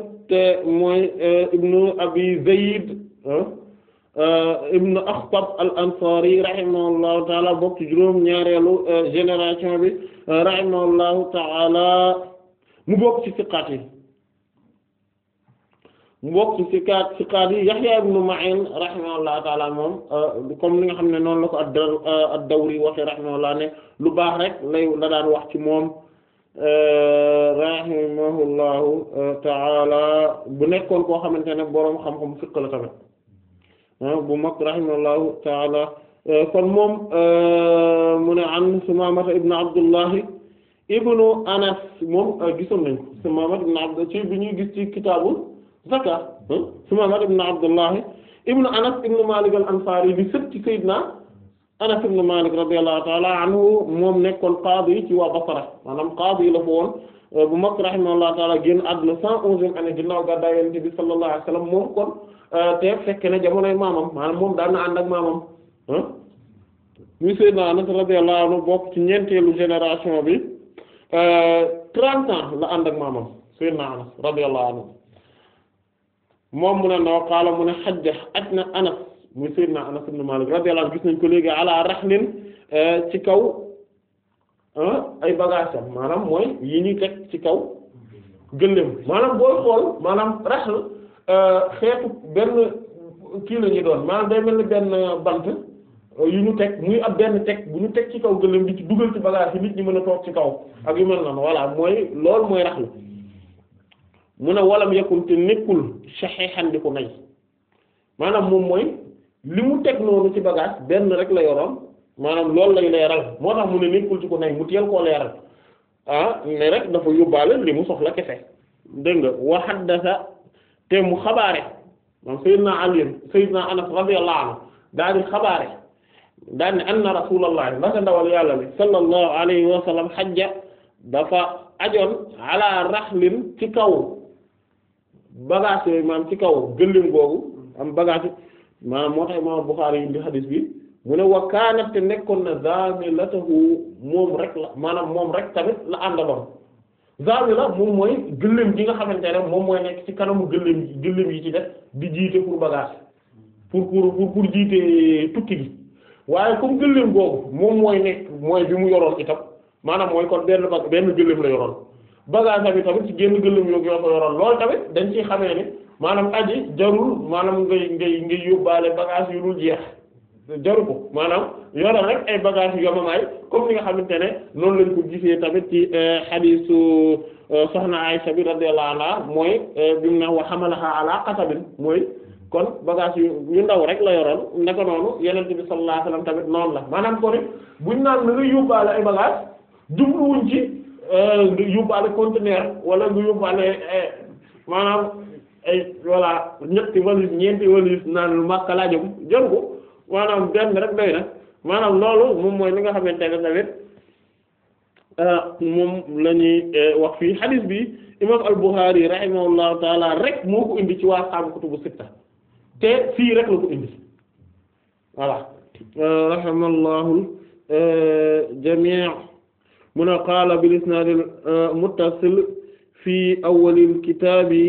mooy ibnu Abi Zayd ibnu Akhtab al-Ansari rahimahullahu taala bokk ci ñaareelu génération bi rahimahullahu taala mu bokk ci siqaat yi mu bokk ci siqaat siqaat yi Yahya ibn Ma'in rahimahullahu taala moom euh, comme li nga xam ne noonu la ko ad euh, ad-Dawri waxee rahimahullah ne lu baax rek lay la daan wax ci moom euh, rahimahullahu taala bu nekkoon koo xamante ne boroom xam-xam fiq la tamit bu mag rahimahullahu taala kon moom mu ne an Sumaamata ibn Abdullahi ibnu anas moom euh, gisoon nañ ko Sumamat ibn bi ñuy gis ci kitaabu zakat Sumamat ibn Abdullah ibnu anas ibnu Malik al-Ansari li sët ci Seydina Anas ibn Malik radiyallahu ta'ala anhu moom nekkoon qaadi ci waa Basra maanaam qaadi la fa woon euh, bu mag rahimahullahu ta'ala génn àdduna cent onzième année moom kon euh, te fekk na jamonoy maamam maanaam moom daan na ànd ak maamam muy Seydina Anas radiyallahu anhu bokk ci ñeenteelu génération bi 30 euh, ans la ànd ak maamam sayyidina Anas radiyallahu anhu moom mu ne noo qaala mu ne xajja aj na Anas muy sayyidina Anas ibn Malik radiyallahu anhu gis nañ ko léegi ala raxlin euh, ci kaw ay bagage am mooy yi ñuy teg ci kaw gëléem maanaam booy xool maanaam raxl euh, xeetu benn kii la doon maanaam day mel ni benn bant yu ñu teg muy ab benn teg bu ñu teg ci kaw gëléem bi ci dugal ci bagage yi nit ñi mën a toog ci kaw ak yu mel noonu voilà mooy loolu mooy raxlu mu ne walam yekkul te nekkul saxeexan di ko maanaam moom mooy li mu teg noonu ci bagage benn rek la yoroon maanaam loolu lay leeral moo tax mu ne nekkul ci ko nay mu teel koo leeral ah ne rek dafa yóbbaale li mu soxla kese dégg nga sa te mu xabaare moom Seydina Ali Seydina Anas radiyallahu anhu daal di xabaare daan ne anna rasulullah naka ndawal yàlla bi sallallahu alayhi wa sallam xajja dafa ajoon ala raxlin ci kaw bagage yooyu ci kaw gëllin googu am bagage maanaam moo tax imaam Buxaari yu di xadis bi mu ne wa te nekkoon na zaamilatahu moom rek la maanaam moom rek tamit la àndaloon zaamila moom mooy gëléem gi nga xamante ne moom mooy nekk ci kanamu gëléem gëléem yi ci def di jiite pour bagage pour pour pour jiite tukki gi waaye comme gëléem googu moom mooy nekk mooy bi mu yoroon itam maanaam mooy kon benn bag benn gëléem la yoroon bagage bi tamit ci génn gëléem yoo ko yoroon loolu tamit dañ ciy xamee ne maanaam aji jarul maanaam ngay ngay ngay yóbbaale bagage yu dul jeex jaru ko maanaam yoroon rek ay bagage yu yomamaay comme ni nga xamante ne noonu lañ ko gisee tamit ci euh, xadiisu euh, soxna Aysa bi radiyallahu anha mooy euh, bi mu ne wa hamalaha ala qasabin mooy kon bagage yu yu ndaw rek la yoroon naka noonu yonent bi sallallahu alayhi wasallam tamit noonu la maanaam kon buñ naan na nga yóbbaale ay bagage jubluwuñ ci euh, nga yóbbaale conteneur wala nga yóbbaale eh, maanaam ay voilà ñetti valise ñeenti valise naan lu Makka laa jëm jël maanaam benn rek doy na maanaam loolu moom mooy li nga xamante ne tamit euh, moom la euh, wax fii hadith bi imam al-Bukhari rahimahullahu rek moo ko indi ci waa xam kutubu sitta te fii rek la ko indi voilà rahimallahu jamii mu ne qaala bil isnaadil euh, muttasil fii awwalil kitaabi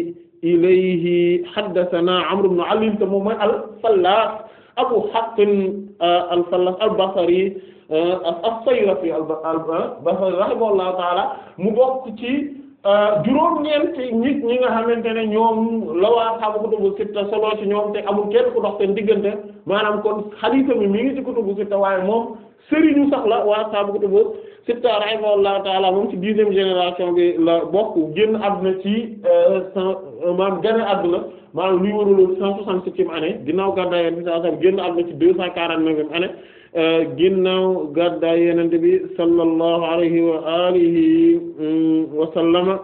ilayhi haddasanaa amru ibn ali te moom mooy al-Fallaas abu Hafs euh, al-Fallaas al-Basri euh, as-Sayrafi al-Basri rahimahullahu ta'ala mu bokk ci. Euh, juróom-ñeenti nit ñi nga xamante ne ñoom la waa xaaba kutubu sitta solo ci ñoom te amul kenn ku dox seen diggante maanaam kon xadiisam mi ngi ci kutubu sitta waaye moom sëriñu sax la waa xaaba kutubu sitta rahimahullahu taala moom ci dixième génération bi la bokk génn àdduna ci euh, cent euh, maanaam génn àdduna maanaam luy waraloon cent soixante-septième année ginnaaw gàddaay Yonent bi sallallahu alayhi wasallam génn ci deux cent quarante-neuvième année Euh, ginnaaw gàddaay yenente bi sallallahu alayhi wa alihi mm, wa sallama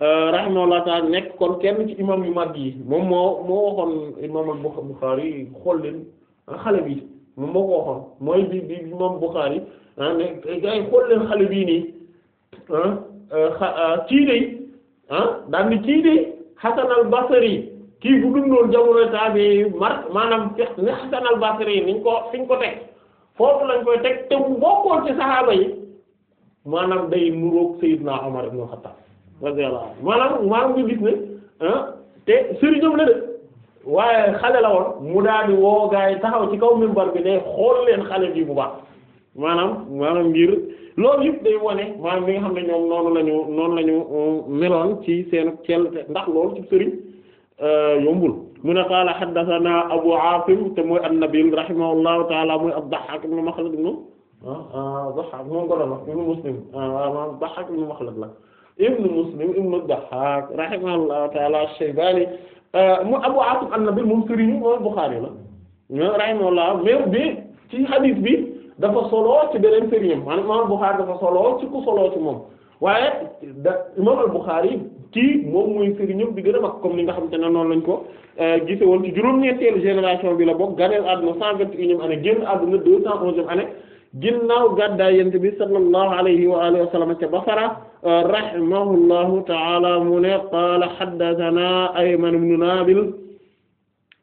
euh, rahimahullah nekk kon kenn ci imam yu mag yi moom moo moo waxoon imam al-Bukhari xool leen ah, xale bi moom moo ko waxoon mooy bi bi imam Bukhari ah ne gars yi xool leen xale bii ni ah, euh, kii ah, day Hasan al-Basri kii bu dundoon jamono taabi yu mar maanaam ni Hasan al-Basri niñ ko fiñ ko teg foofu lañ koy teg te bu bokkoon ci saxaaba yi maanaam day nuroog Seydina Omar ibn ma radiyallahu anhu maanaam maanaam nga gis ah, te sëriñam la de xale la mu daal di woo gaa yi taxaw ci bi xool leen xale bi bu baax maanaam maanaam ngir loolu yëpp day wone maanaam li nga xam ne ñoom noonu la ñu noonu la uh, meloon ci seen cell ndax loolu ci sëriñ Euh, yombul mu ne qaala haddathana Abu Aasim te mooy an-Nabil rahimahullahu ta'ala mooy ad-Dahhak ibn Makhlad ibn ah, Dahhak moom ko doon wax ibn Muslim maanaam ah, Dahhak ibn Makhlad la ibn Muslim ibn ad-Dahhak rahimahullahu ta'ala ash-Shaybani ah, mu Abu Aasim an-Nabil moom sëriñu moom Bukhari la rahimahullah mais bi ci hadith bi dafa solo ci beneen sëriñam maanaam Bukhari dafa solo ci ku solo ci moom waaye da imam al-Bukhari kii moom mooy sëriñam bi gën a mag comme ni nga xam te ne noonu lañ ko euh, gise woon ci juróom-ñeenteelu génération bi la bokk ganeel àdduna cent vingt et unième année génn àdduna deux cent onzième e année ginnaaw gàddaay yent bi sallallahu alayhi wa alihi wa sallam ca Basra euh, rahimahullahu mu ne qaala haddathana Ayman ibn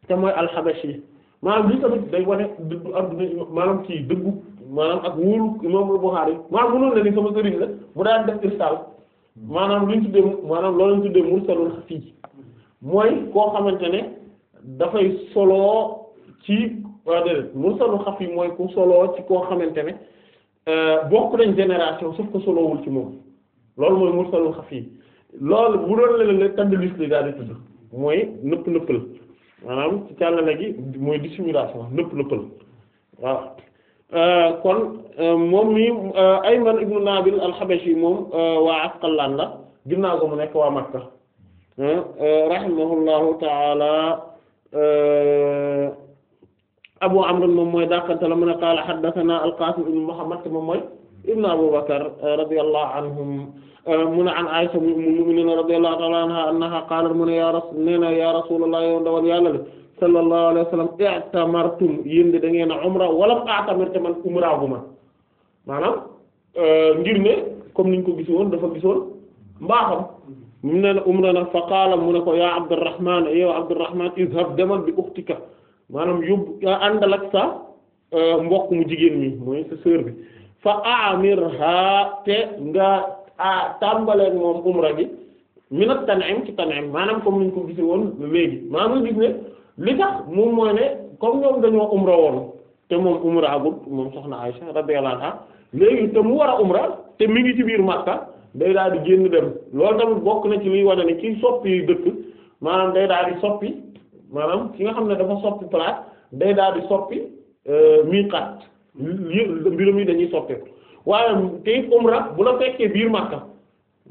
te mooy al-Habashi maanaam lii tamit day wane dëggu adduna maanaam ci dëggu maanaam ak wóolu Imam Bukhari maanaam mënoon sama sëriñ la mu daan def irsaal maanaam lu ñu tuddee maanaam loolu ñu tuddee mursalul xafiy mooy koo xamante ne dafay solo ci waaw déedéet mursalul xafiy mooy ku soloo ci koo xamante ne euh, bokk nañ génération sauf ko solowul ci moom loolu mooy mursalul xafiy loolu bu doon leneen la tadlis li daal di tudd mooy nëpp nëppal maanaam ci càllale gi mooy dissimulation nëpp nëppal waaw kon moom mi Ayman ibnu Nabil al-Habashi moom waa Asqalaan la ginnaaw ko mu nekk waa Makka rahimahullahu taala Abu Amr moom mooy dàqante la mu ne qaala haddathana al-Qasim ibnu Muhammad moom mooy ibnu Abu Bakr radiyallahu anhum mu ne an Aisha ummul mu'minin radiyallahu ta'ala anha annaha qaalat mu ne ya rasul nee na ya rasulullah yow ndawal yàlla sallallahu alayhi wa sallam i'tamartum yéen a umra wala a'tamir te man umra ma maanaam euh, ngir ne comme niñ ko gisoon dafa gisoon mbaaxam mu ne na umra na fa qaala mu ne ko yaa Abdurrahman eh, yow Abdurrahman izhab demal bi uxtika maanaam yóbbu yaa sa euh, mbokk mu jigéen mi mooy sa bi fa amirha te nga a tàmbaleen moom umra gi minat Tan'im ci Tan'im maanaam comme niñ ko gisoon léegi maanaam gis ne li tax moom mooy ne comme ñoom dañoo umra woon te moom umra agul moom soxna Aysa radiyallahu anha léegi te mu war a umra te mi ci biir Makka day daal di génn dem loolu tamit bokk na ci liy wane ne kii soppi dëkk maanaam day daal di soppi maanaam ki nga xam ne dafa soppi place day daal di soppi euh, miqaat mbirum yi dañuy soppi waaye te it umra bu la fekkee biir Makka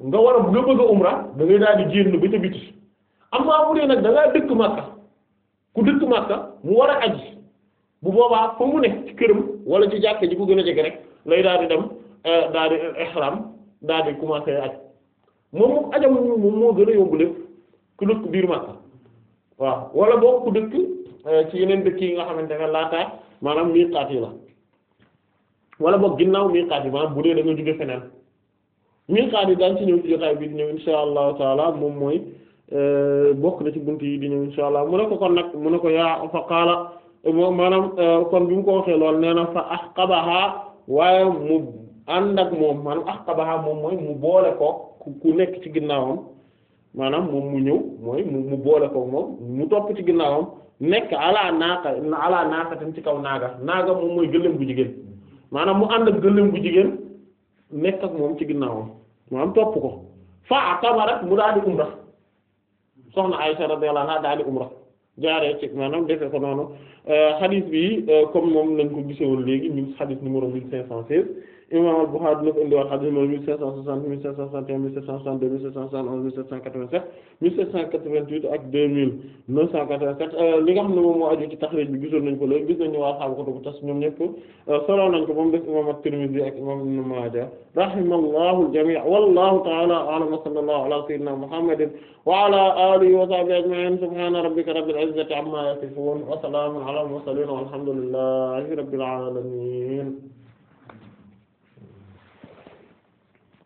nga war a nga bëgg umra da ngay daal di génn ba ca biti am naa bu nag da ngaa dëkk Makka ku dëkk Makka mu war a aji bu boobaa fa mu ne ci këram wala ci jàkka ji ko gën a jege rek lay daal di dem eh, daal di eh, ihram daal commencer aj moom moom ajam moom moo gën a yomb lépp ku dëkk biir Makka waaw wala boo ku dëkk eh, ci yeneen dëkk yi nga xamante ne laataa maanaam miiqaat yi la wala boog ginnaaw miiqaat yi maanaam bu dee da nga jóge feneen miiqaat yi daan ci ñëw ci jotaay bi ñëw insha allahu taala moom mooy Euh, bokk na ci bunt yi di ñëw insha allah mu ne ko kon nag mu ne ko yaa fa qaala maanaam euh, kon bi mu ko waxee lool nee na fa ahqabaha waaye mu ànd ak moom maanaam ahqabaha moom mooy mu boole ko nekk ci ginnaawam maanaam moom mu ñëw mooy mu boole ko moom topp ci ginnaawam nekk alaa naaka alaa tam ci kaw naaga naaga moom mooy gëléem bu jigéen maanaam mu ànd ak gëléem bu jigéen nekk ak moom ci ginnaawam maanaam topp ko fa atama rek mu daal di umra soxna Aysa radiyallahu anha daal di umra jaaree ci maanaam defe ko noonu xadis euh, bi euh, comme moom lañ ko gisewoon léegi ñu xadis numéro bi cinq cent imam al-Bukhari dina ko indiwaat xadis numéro 1760 1761 1762 1771 1787 1788 ak 2987 euh, li nga xam ne moom moo aju ci taxriij bi gisoon nañ ko léegi gis nañu waa xaabu ko tas ñoom ñëpp euh, solo nañ ko ba mu des imam at-Tirmidhi ak imam Ibn Maaja rahimallahu al-jamii' wallahu ta'ala a'lam wa sallallahu ala sayyidina Muhammadin wa ala alihi wa sahbihi ajma'in subhana rabbika rabbil izzati amma yasifun wa salamun ala al-mursalin walhamdulillahi rabbil alamin